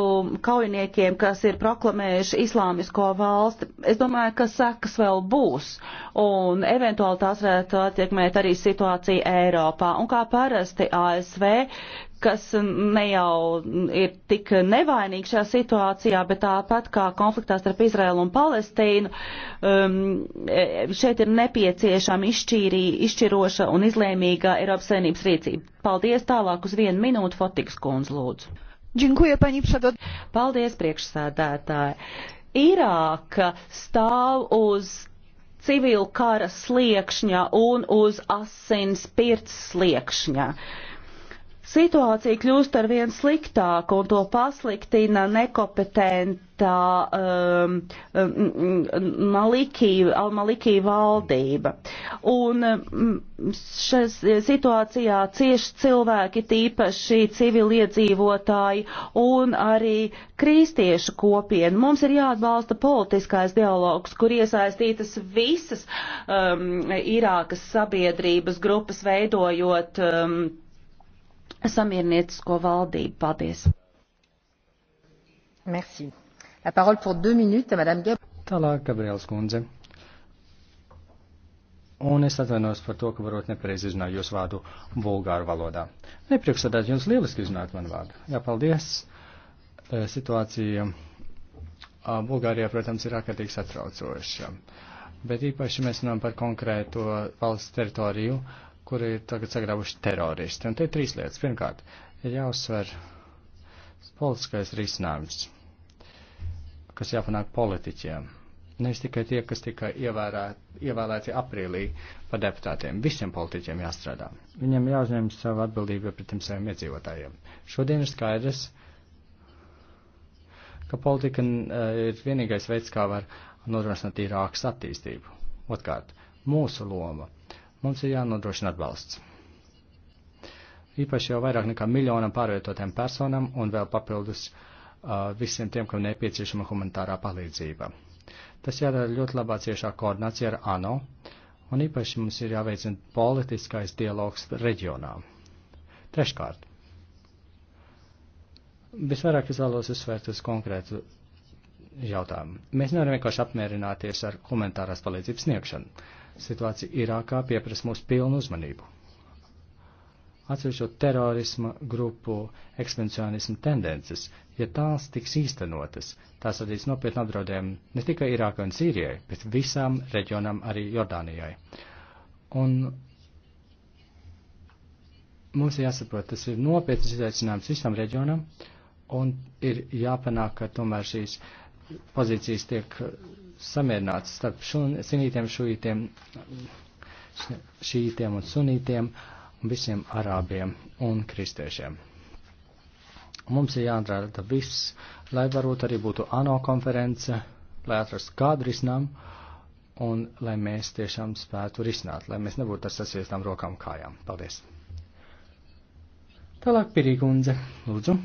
kaujiniekiem, kas ir proklamējuši islāmisko valsti. Es domāju, ka sekas vēl būs, un eventuāli tās varētu attiekmēt arī situāciju Eiropā. Un kā parasti ASV, kas um, ne jau ir tik nevainīgi šajā situācijā, bet tāpat kā konfliktā starp Izraēlu un Palestīnu, um, šeit ir nepieciešama izšķīrī, izšķiroša un izlēmīga Eiropas Savienības rīcība. Paldies tālāk uz vienu minūtu, Fotiks kundz lūdzu. Džinkuja, paņipšadot. Paldies, priekšsēdētāji. Irāka stāv uz civilu kara sliekšņa un uz asins pirts sliekšņa. Uh, Situācija kļūst ar vien sliktāku un to pasliktina nekompetentā um, um, um Maliki, Maliki valdība. Un um, šajā situācijā cieši cilvēki, tīpaši civiliedzīvotāji un arī kristiešu kopiena. Mums ir jāatbalsta politiskais dialogs, kur iesaistītas visas um, Irākas sabiedrības grupas veidojot um, samierniecisko valdību. Paldies! Merci. La parole pour deux minutes à Madame Gabriel. Tālāk, Gabriels kundze. Un es atvainos par to, ka varbūt nepareizi izrunāju jūsu vārdu bulgāru valodā. Nepriekšsēdāt, jums lieliski izrunāt manu vārdu. Jā, paldies. Situācija Bulgārijā, protams, ir ārkārtīgi satraucoša. Bet īpaši mēs runājam par konkrēto valsts teritoriju, uh, kuri ir tagad sagrābuši teroristi. Un te ir trīs lietas. Pirmkārt, ir jāuzsver politiskais risinājums, kas jāpanāk politiķiem. Nevis tikai tie, kas tika ievērēt, ievēlēti aprīlī par deputātiem. Visiem politiķiem jāstrādā. Viņiem jāuzņem savu atbildību pret tiem saviem iedzīvotājiem. Šodien ir skaidrs, ka politika eh, ir vienīgais veids, kā var nodrošināt īrākas attīstību. Otkārt, mūsu loma Mums ir jānodrošina atbalsts. Īpaši jau vairāk nekā miljonam pārvietotiem personam un vēl papildus uh, visiem tiem, kam nepieciešama humanitārā palīdzība. Tas jādara ļoti labā ciešā koordinācija ar ANO, un īpaši mums ir jāveicina politiskais dialogs reģionā. Treškārt, visvairāk es vēlos uzsvērt uz konkrētu jautājumu. Mēs nevaram vienkārši apmierināties ar humanitārās palīdzības sniegšanu situācija Irākā pieprasa mūsu pilnu uzmanību. Atsevišķo terorisma grupu ekspansionismu tendences, ja tās tiks īstenotas, tās radīs nopietnu apdraudējumu ne tikai Irākai un Sīrijai, bet visām reģionam arī Jordānijai. Un mums ir jāsaprot, tas ir nopietnas izaicinājums visam reģionam, un ir jāpanāk, ka tomēr šīs pozīcijas tiek samierināts starp šun, sinītiem, šuītiem, šītiem un sunītiem un visiem arābiem un kristiešiem. Mums ir jādara viss, lai varbūt arī būtu ANO konference, lai atrastu kādu risinājumu un lai mēs tiešām spētu risināt, lai mēs nebūtu ar sasviestām rokām kājām. Paldies! Tālāk Pirīgundze, lūdzu.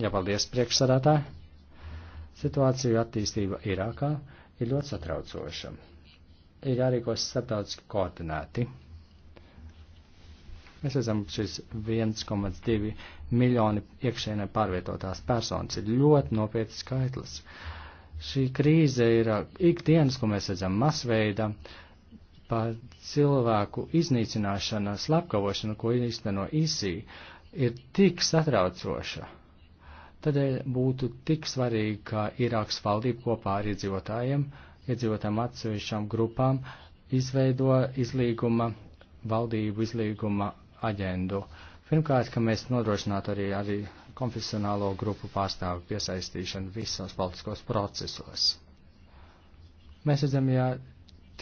Jā, paldies priekšsādātāji. Situācija attīstība Irākā ir ļoti satraucoša. Ir jārīkos starptautiski koordinēti. Mēs redzam, ka šis 1,2 miljoni iekšēnē pārvietotās personas ir ļoti nopietns skaitlis. Šī krīze ir uh, ikdienas, ko mēs redzam, masveida par cilvēku iznīcināšanu, slepkavošanu, ko īsteno ISI, ir tik satraucoša Tādēļ būtu tik svarīgi, ka Irākas valdība kopā ar iedzīvotājiem, iedzīvotām atsevišķām grupām izveido izlīguma, valdību izlīguma aģendu. Pirmkārt, ka mēs nodrošinātu arī, arī konfesionālo grupu pārstāvu piesaistīšanu visos politiskos procesos. Mēs redzam, ja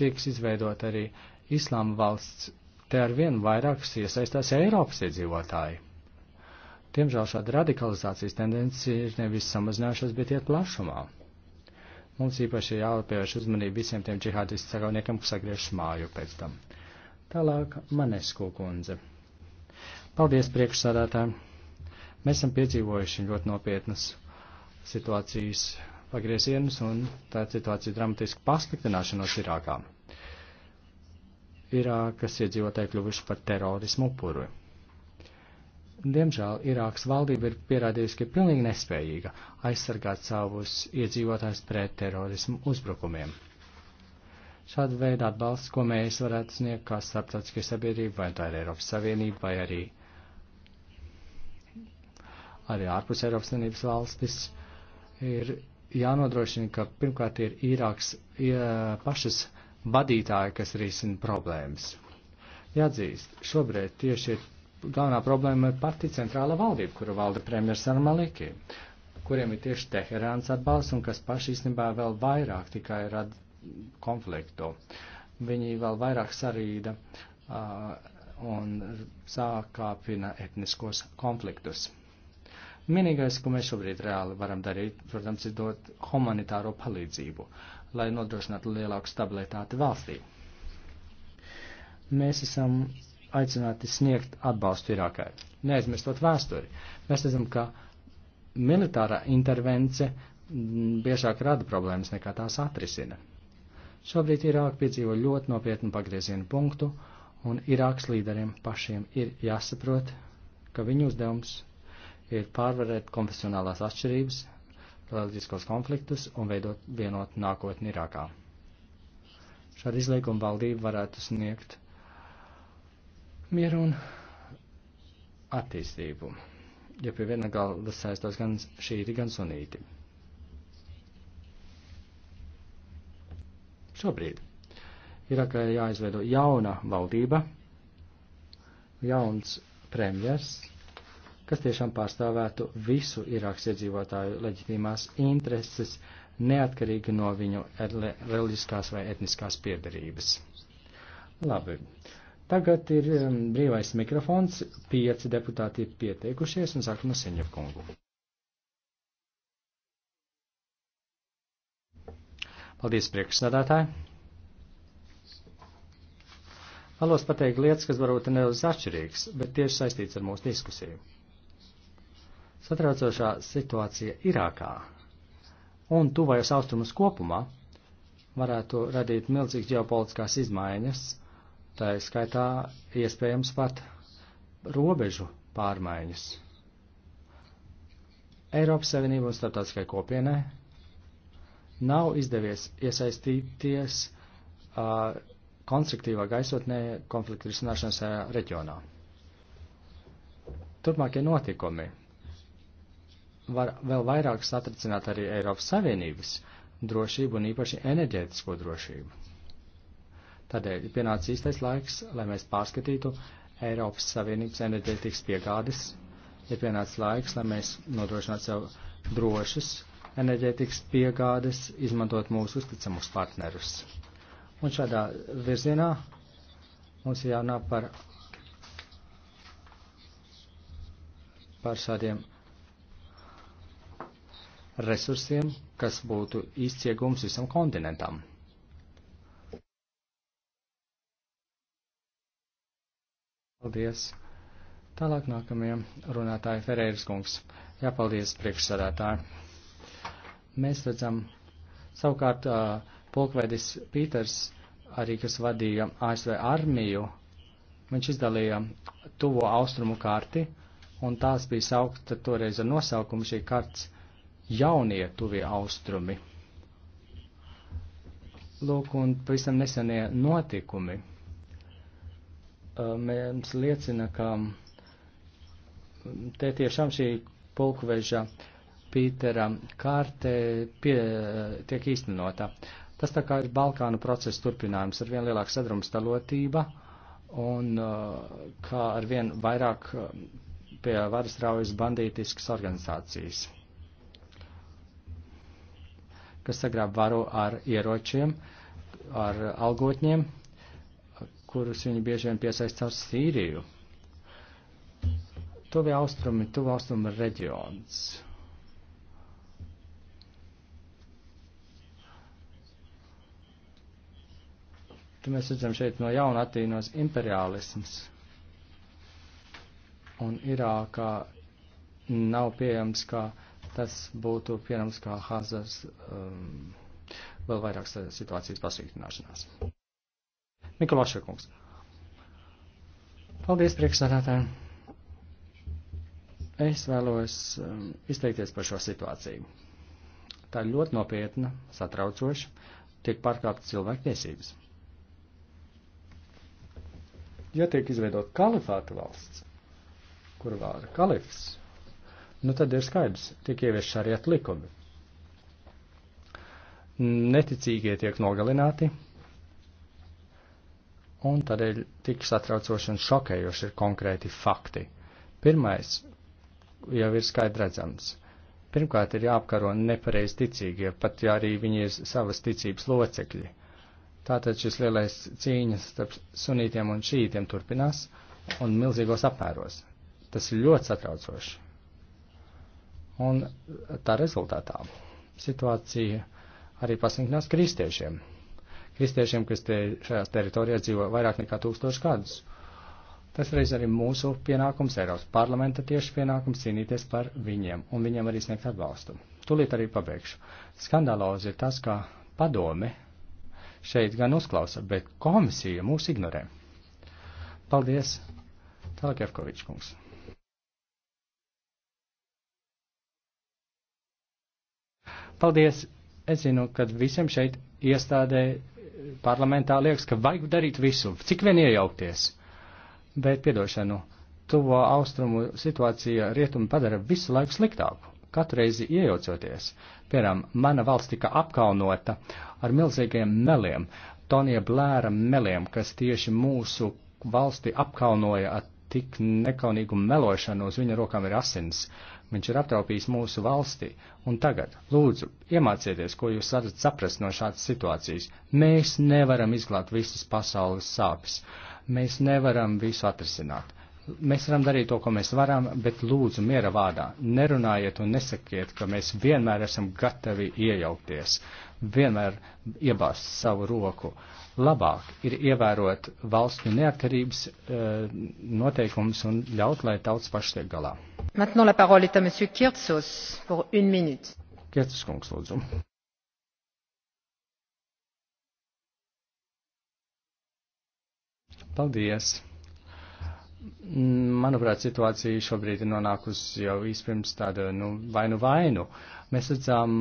tieks izveidot arī Islāma valsts, te ar vienu vairākas iesaistās Eiropas iedzīvotāji. Diemžēl šāda radikalizācijas tendence ir nevis samazinājušās, bet iet plašumā. Mums īpaši jāpievērš uzmanība visiem tiem džihādistu sagauniekam, kas atgriežas māju pēc tam. Tālāk Manesku kundze. Paldies priekšsādātājiem. Mēs esam piedzīvojuši ļoti nopietnas situācijas pagriezienus un tā situācija dramatiski pasliktināšanos Irākā. Irākas iedzīvotāji kļuvuši par terorismu upuru. Diemžēl Irākas valdība ir pierādījusi, ka ir pilnīgi nespējīga aizsargāt savus iedzīvotājus pret terorismu uzbrukumiem. Šāda veida atbalsts, ko mēs varētu sniegt kā starptautiskie sabiedrība, vai tā ir Eiropas Savienība, vai arī, arī ārpus Eiropas Savienības valstis, ir jānodrošina, ka pirmkārt ir Irāks ja, pašas vadītāji, kas risina problēmas. Jāatzīst, šobrīd tieši ir galvenā problēma ir pati centrāla valdība, kuru valda premjers ar Maliki, kuriem ir tieši Teherāns atbalsts un kas paši īstenībā vēl vairāk tikai rada konfliktu. Viņi vēl vairāk sarīda uh, un sākāpina etniskos konfliktus. Vienīgais, ko mēs šobrīd reāli varam darīt, protams, ir dot humanitāro palīdzību, lai nodrošinātu lielāku stabilitāti valstī. Mēs esam aicināti sniegt atbalstu Irākai. Neaizmirstot vēsturi, mēs redzam, ka militārā intervence biežāk rada problēmas nekā tās atrisina. Šobrīd Irāka piedzīvo ļoti nopietnu pagriezienu punktu, un Irākas līderiem pašiem ir jāsaprot, ka viņu uzdevums ir pārvarēt konfesionālās atšķirības, reliģiskos konfliktus un veidot vienotu nākotni Irākā. Šāda izliekuma valdība varētu sniegt mieru un attīstību, ja pie viena galda saistās gan šīti, gan sunīti. Šobrīd Irakai jāizveido jauna valdība, jauns premjers, kas tiešām pārstāvētu visu Irākas iedzīvotāju leģitīmās intereses, neatkarīgi no viņu reliģiskās vai etniskās piedarības. Labi. Tagad ir um, brīvais mikrofons, pieci deputāti ir pieteikušies un sākam no Seņevkungu. Paldies, priekšsādātāji! Vēlos pateikt lietas, kas varbūt ir nedaudz atšķirīgas, bet tieši saistīts ar mūsu diskusiju. Satraucošā situācija Irākā un tuvajos austrumus kopumā varētu radīt milzīgas ģeopolitiskās izmaiņas Tā ir skaitā iespējams pat robežu pārmaiņas. Eiropas Savienība un starptautiskai kopienai nav izdevies iesaistīties uh, konstruktīvā gaisotnē konflikta risināšanas uh, reģionā. Turpmākie notikumi var vēl vairāk satricināt arī Eiropas Savienības drošību un īpaši enerģētisko drošību. Tādēļ ir pienācis īstais laiks, lai mēs pārskatītu Eiropas Savienības enerģētikas piegādes. Ir pienācis laiks, lai mēs nodrošinātu sev drošas enerģētikas piegādes, izmantot mūsu uzticamus partnerus. Un šādā virzienā mums ir jārunā par, par šādiem resursiem, kas būtu izciegums visam kontinentam. Paldies. Tālāk nākamajam runātāji Ferēras kungs. Jā, paldies priekšsādātāji. Mēs redzam, savukārt pulkvedis Pīters, arī kas vadīja ASV armiju, viņš izdalīja tuvo austrumu karti, un tās bija saukta toreiz ar nosaukumu šī karts jaunie tuvie austrumi. Lūk, un pavisam nesenie notikumi Eh, mums liecina, ka te tiešām šī pulkveža Pītera kārte pie, eh, tiek īstenota. Tas tā kā ir Balkānu procesa turpinājums ar vien lielāku sadrumstalotību un eh, kā ar vien vairāk pie varas raujas bandītiskas organizācijas, kas sagrāb varu ar ieročiem, ar algotņiem kurus viņi bieži vien piesaista ar Sīriju. Tuvie austrumi, tuvu austrumu reģions. Tur mēs redzam šeit no jauna attīnos imperialisms. Un Irākā nav pieejams, ka tas būtu pieejams kā Hazars um, vēl vairāk situācijas pasliktināšanās. Nikolāša kungs. Paldies, priekšsādātāji. Es vēlos um, izteikties par šo situāciju. Tā ir ļoti nopietna, satraucoša, tiek pārkāptas cilvēktiesības. Ja tiek izveidot kalifāta valsts, kur vāra kalifs, nu tad ir skaidrs, tiek ievies šariet likumi. Neticīgie tiek nogalināti, un tādēļ tik satraucoši un šokējoši ir konkrēti fakti. Pirmais jau ir skaidrs redzams. Pirmkārt, ir jāapkaro nepareiz ticīgie, pat ja arī viņi ir savas ticības locekļi. Tātad šis lielais cīņas starp sunītiem un šītiem turpinās un milzīgos apmēros. Tas ir ļoti satraucoši. Un tā rezultātā situācija arī pasliktinās kristiešiem kristiešiem, kas te šajās teritorijās dzīvo vairāk nekā tūkstoši gadus. Tas reiz arī mūsu pienākums, Eiropas parlamenta tieši pienākums cīnīties par viņiem un viņiem arī sniegt atbalstu. Tūlīt arī pabeigšu. Skandalozi ir tas, ka padome šeit gan uzklausa, bet komisija mūs ignorē. Paldies, Tālāk Jevkovičs kungs. Paldies! Es zinu, ka visiem šeit iestādē parlamentā liekas, ka vajag darīt visu, cik vien iejaukties. Bet, piedošanu, tuvo austrumu situācija rietumi padara visu laiku sliktāku, katru reizi iejaucoties. Piemēram, mana valsts tika apkaunota ar milzīgiem meliem, Tonija Blēra meliem, kas tieši mūsu valsti apkaunoja ar tik nekaunīgu melošanu, uz viņa rokām ir asins. Uh, Viņš ir aptaupījis mūsu valsti. Un tagad, lūdzu, iemācieties, ko jūs varat saprast no šādas situācijas. Mēs nevaram izglābt visas pasaules sāpes. Mēs nevaram visu atrisināt. Mēs varam darīt to, ko mēs varam, bet lūdzu miera vārdā. Nerunājiet un nesakiet, ka mēs vienmēr esam gatavi iejaukties. Vienmēr iebāzt savu roku. Labāk ir ievērot valstu neatkarības e, noteikumus un ļaut, lai tauts paši tiek galā. Maintenant la parole est à monsieur Kirtsos pour une minute. Kirtsos kungs, lūdzu. Paldies. Manuprāt, situācija šobrīd ir nonākusi jau īspirms tāda, nu, vainu vainu. Mēs redzam,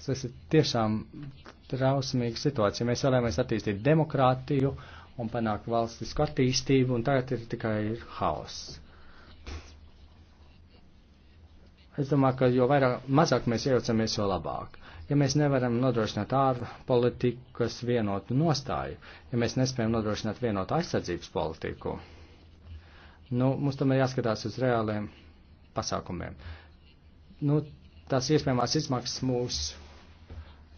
tas ir tiešām trausmīga situācija. Mēs vēlamies attīstīt demokrātiju, uh, un panāk valstisku attīstību, un tagad ir tikai haoss. Es domāju, ka jo vairāk, mazāk mēs iejaucamies, jo labāk. Ja mēs nevaram nodrošināt ārpolitikas vienotu nostāju, ja mēs nespējam nodrošināt vienotu aizsardzības politiku, nu, mums tomēr jāskatās uz reāliem pasākumiem. Nu, tās iespējamās izmaksas mūs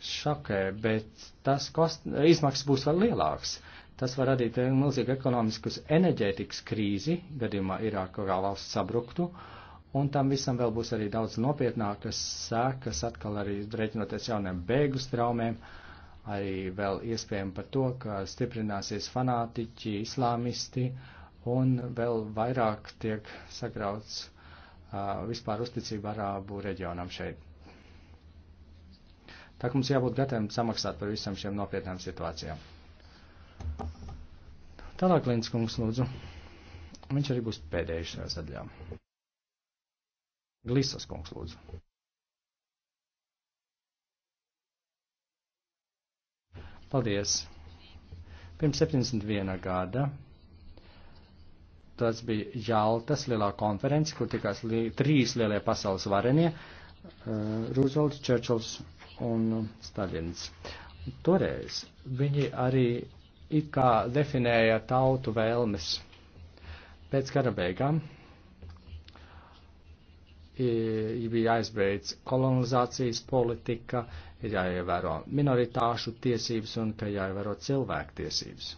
šokē, bet tas kost, izmaksas būs vēl lielāks. Tas var radīt eh, milzīgu ekonomiskas enerģētikas krīzi, gadījumā Irāka kā valsts sabruktu, un tam visam vēl būs arī daudz nopietnākas sēkas, atkal arī rēķinoties jauniem bēgu straumēm, arī vēl iespējami par to, ka stiprināsies fanātiķi, islāmisti, un vēl vairāk tiek sagrauts uh, vispār uzticība arābu reģionam šeit. Tā ka mums jābūt gataviem samaksāt par visam šiem nopietnām situācijām. Tālāk Lēns kungs lūdzu. Viņš arī būs pēdējais šajā sadaļā. Glisas kungs lūdzu. Paldies! Pirms 71 gada tas bija Jaltas lielā konference, kur tikās li trīs lielie pasaules varenie uh, - Roosevelts, Čerčils un Stalins. Toreiz viņi arī it kā definēja tautu vēlmes. Pēc kara beigām bija jāizbeidz kolonizācijas politika, ir jāievēro minoritāšu tiesības un ka jāievēro cilvēktiesības.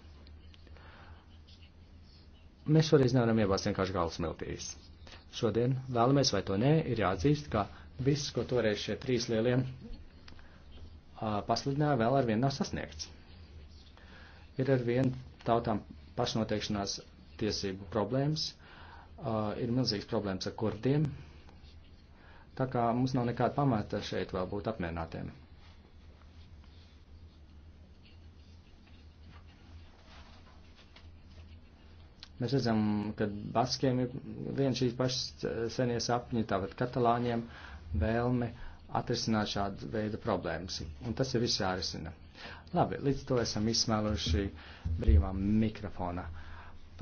Mēs šoreiz nevaram iebāzt vienkārši galvas miltīs. Šodien vēlamies vai to nē, ir jāatzīst, ka viss, ko toreiz šie trīs lielie pasludināja, vēl ar vienu nav sasniegts ir ar vien tautām pašnoteikšanās tiesību problēmas, uh, ir milzīgs problēmas ar kurdiem, tā kā mums nav nekāda pamata šeit vēl būt apmierinātiem. Mēs redzam, ka baskiem ir viens šīs pašas uh, senie sapņi, tāpat katalāņiem vēlme atrisināt šādu veidu problēmas, un tas ir viss jārisina. Labi, līdz to esam izsmēluši brīvā mikrofona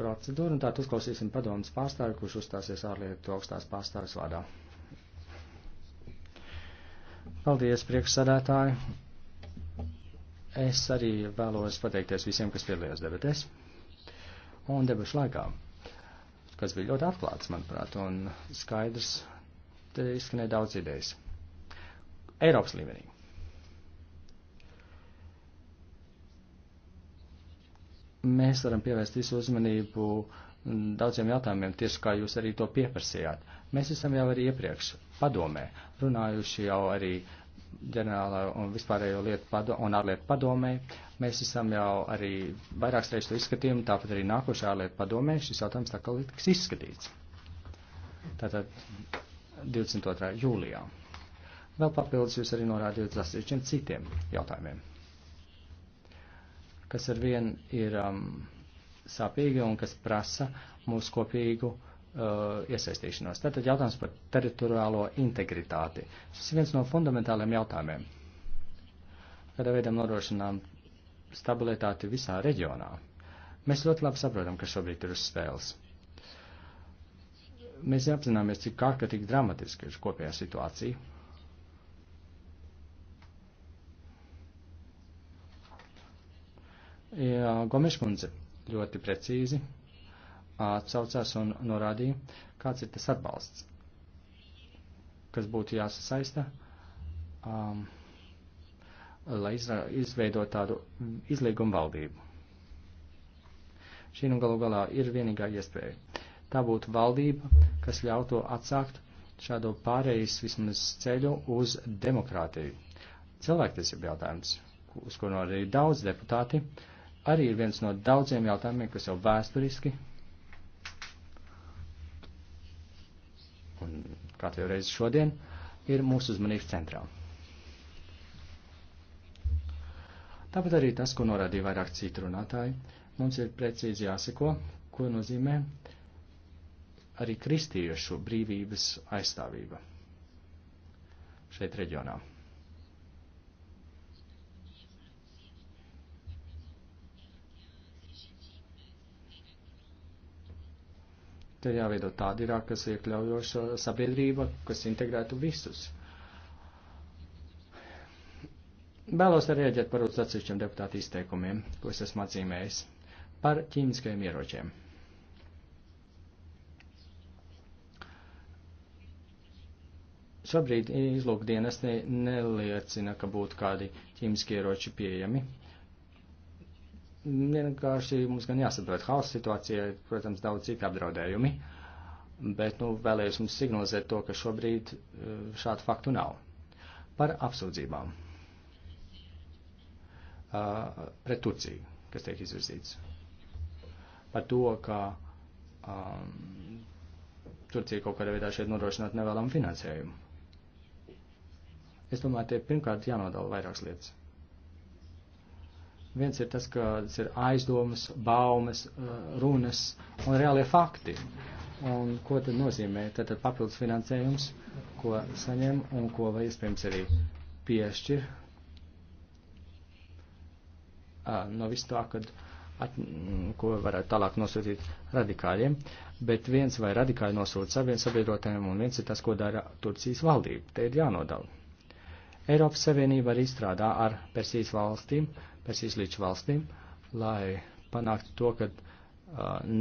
procedūru, un tātad uzklausīsim padomus pārstāvi, kurš uzstāsies ārlietu augstās pārstāvis vārdā. Paldies, priekšsādātāji! Es arī vēlos pateikties visiem, kas piedalījās debatēs un debašu laikā, kas bija ļoti atklāts, manuprāt, un skaidrs, te izskanēja daudz idejas. Eiropas līmenī. mēs varam pievērst visu uzmanību daudziem jautājumiem, tieši kā jūs arī to pieprasījāt. Mēs esam jau arī iepriekš padomē runājuši jau arī ģenerālā un vispārējo lietu padomē, un ārlietu padomē. Mēs esam jau arī vairākas reizes to izskatījumi, tāpat arī nākošajā ārlietu padomē šis jautājums tā kā tiks izskatīts. Tātad 22. jūlijā. Vēl papildus jūs arī norādījāt uz citiem jautājumiem kas ar vien ir um, sāpīgi un kas prasa mūsu kopīgu uh, iesaistīšanos. Tātad jautājums par teritoriālo integritāti. Tas ir viens no fundamentāliem jautājumiem. Kādā veidā nodrošinām stabilitāti visā reģionā? Mēs ļoti labi saprotam, kas šobrīd ir uz spēles. Mēs apzināmies, cik ārkārtīgi dramatiski ir kopējā situācija ja Gomeškundze ļoti precīzi atsaucās un norādīja, kāds ir tas atbalsts, kas būtu jāsasaista, um, lai izveidot tādu izlīgumu valdību. Šī nu galu galā ir vienīgā iespēja. Tā būtu valdība, kas ļautu atsākt šādu pārējais vismaz ceļu uz demokrātiju. Cilvēktiesību jautājums, uz kuru arī daudz deputāti uh, arī ir viens no daudziem jautājumiem, kas jau vēsturiski. Un kā jau reiz šodien, ir mūsu uzmanības centrā. Tāpat arī tas, ko norādīja vairāk citu runātāji, mums ir precīzi jāseko, ko nozīmē arī kristiešu brīvības aizstāvība šeit reģionā. Te jāveido tāda Irāka, kas iekļaujoša sabiedrība, kas integrētu visus. Vēlos arī rēģēt par uz atsevišķiem deputātu izteikumiem, ko es esmu atzīmējis, par ķīmiskajiem ieročiem. Šobrīd izlūkdienas ne, neliecina, ka būtu kādi ķīmiskie ieroči pieejami vienkārši mums gan jāsaprot hausa situācijai, protams, daudz citi apdraudējumi, bet, nu, vēlējos mums signalizēt to, ka šobrīd eh, šādu faktu nav. Par apsūdzībām uh, pret Turciju, kas tiek izvirzīts. Par to, ka um, Turcija kaut kādā veidā šeit nodrošināt nevēlamu finansējumu. Es domāju, te pirmkārt jānodala vairākas lietas Viens ir tas, ka tas ir aizdomas, baumas, eh, runas un reālie fakti. Un ko tad nozīmē? Tad, tad papildus finansējums, ko saņem un ko vai iespējams arī piešķir no visu tā, kad, at, mm, ko varētu tālāk nosūtīt radikāļiem. Bet viens vai radikāļi nosūta saviem sabiedrotājiem un viens ir tas, ko dara Turcijas valdība. Te ir jānodala. Eiropas Savienība arī strādā ar Persijas valstīm pēc izlīdz valstīm, lai panāktu to, ka uh,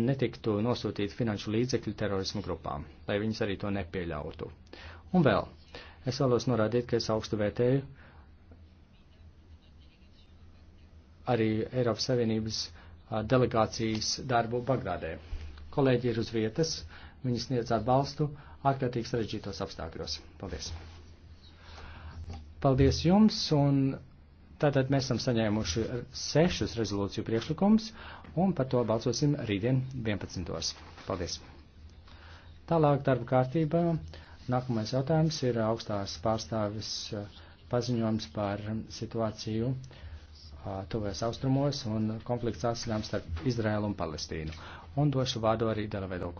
netiktu nosūtīti finanšu līdzekļi terorismu grupām, lai viņas arī to nepieļautu. Un vēl, es vēlos norādīt, ka es augstu vērtēju arī Eiropas Savienības uh, delegācijas darbu Bagdādē. Kolēģi ir uz vietas, viņi sniedz atbalstu ārkārtīgi sarežģītos apstākļos. Paldies! Paldies jums! Un Tātad mēs esam saņēmuši sešus rezolūciju priekšlikumus, un par to balsosim rītdien 11. Paldies! Tālāk darba kārtībā nākamais jautājums ir augstās pārstāvis eh, paziņojums par situāciju eh, tuvēs austrumos un konflikts atsinām starp Izraēlu un Palestīnu. Un došu vārdu arī Dalavedokumu.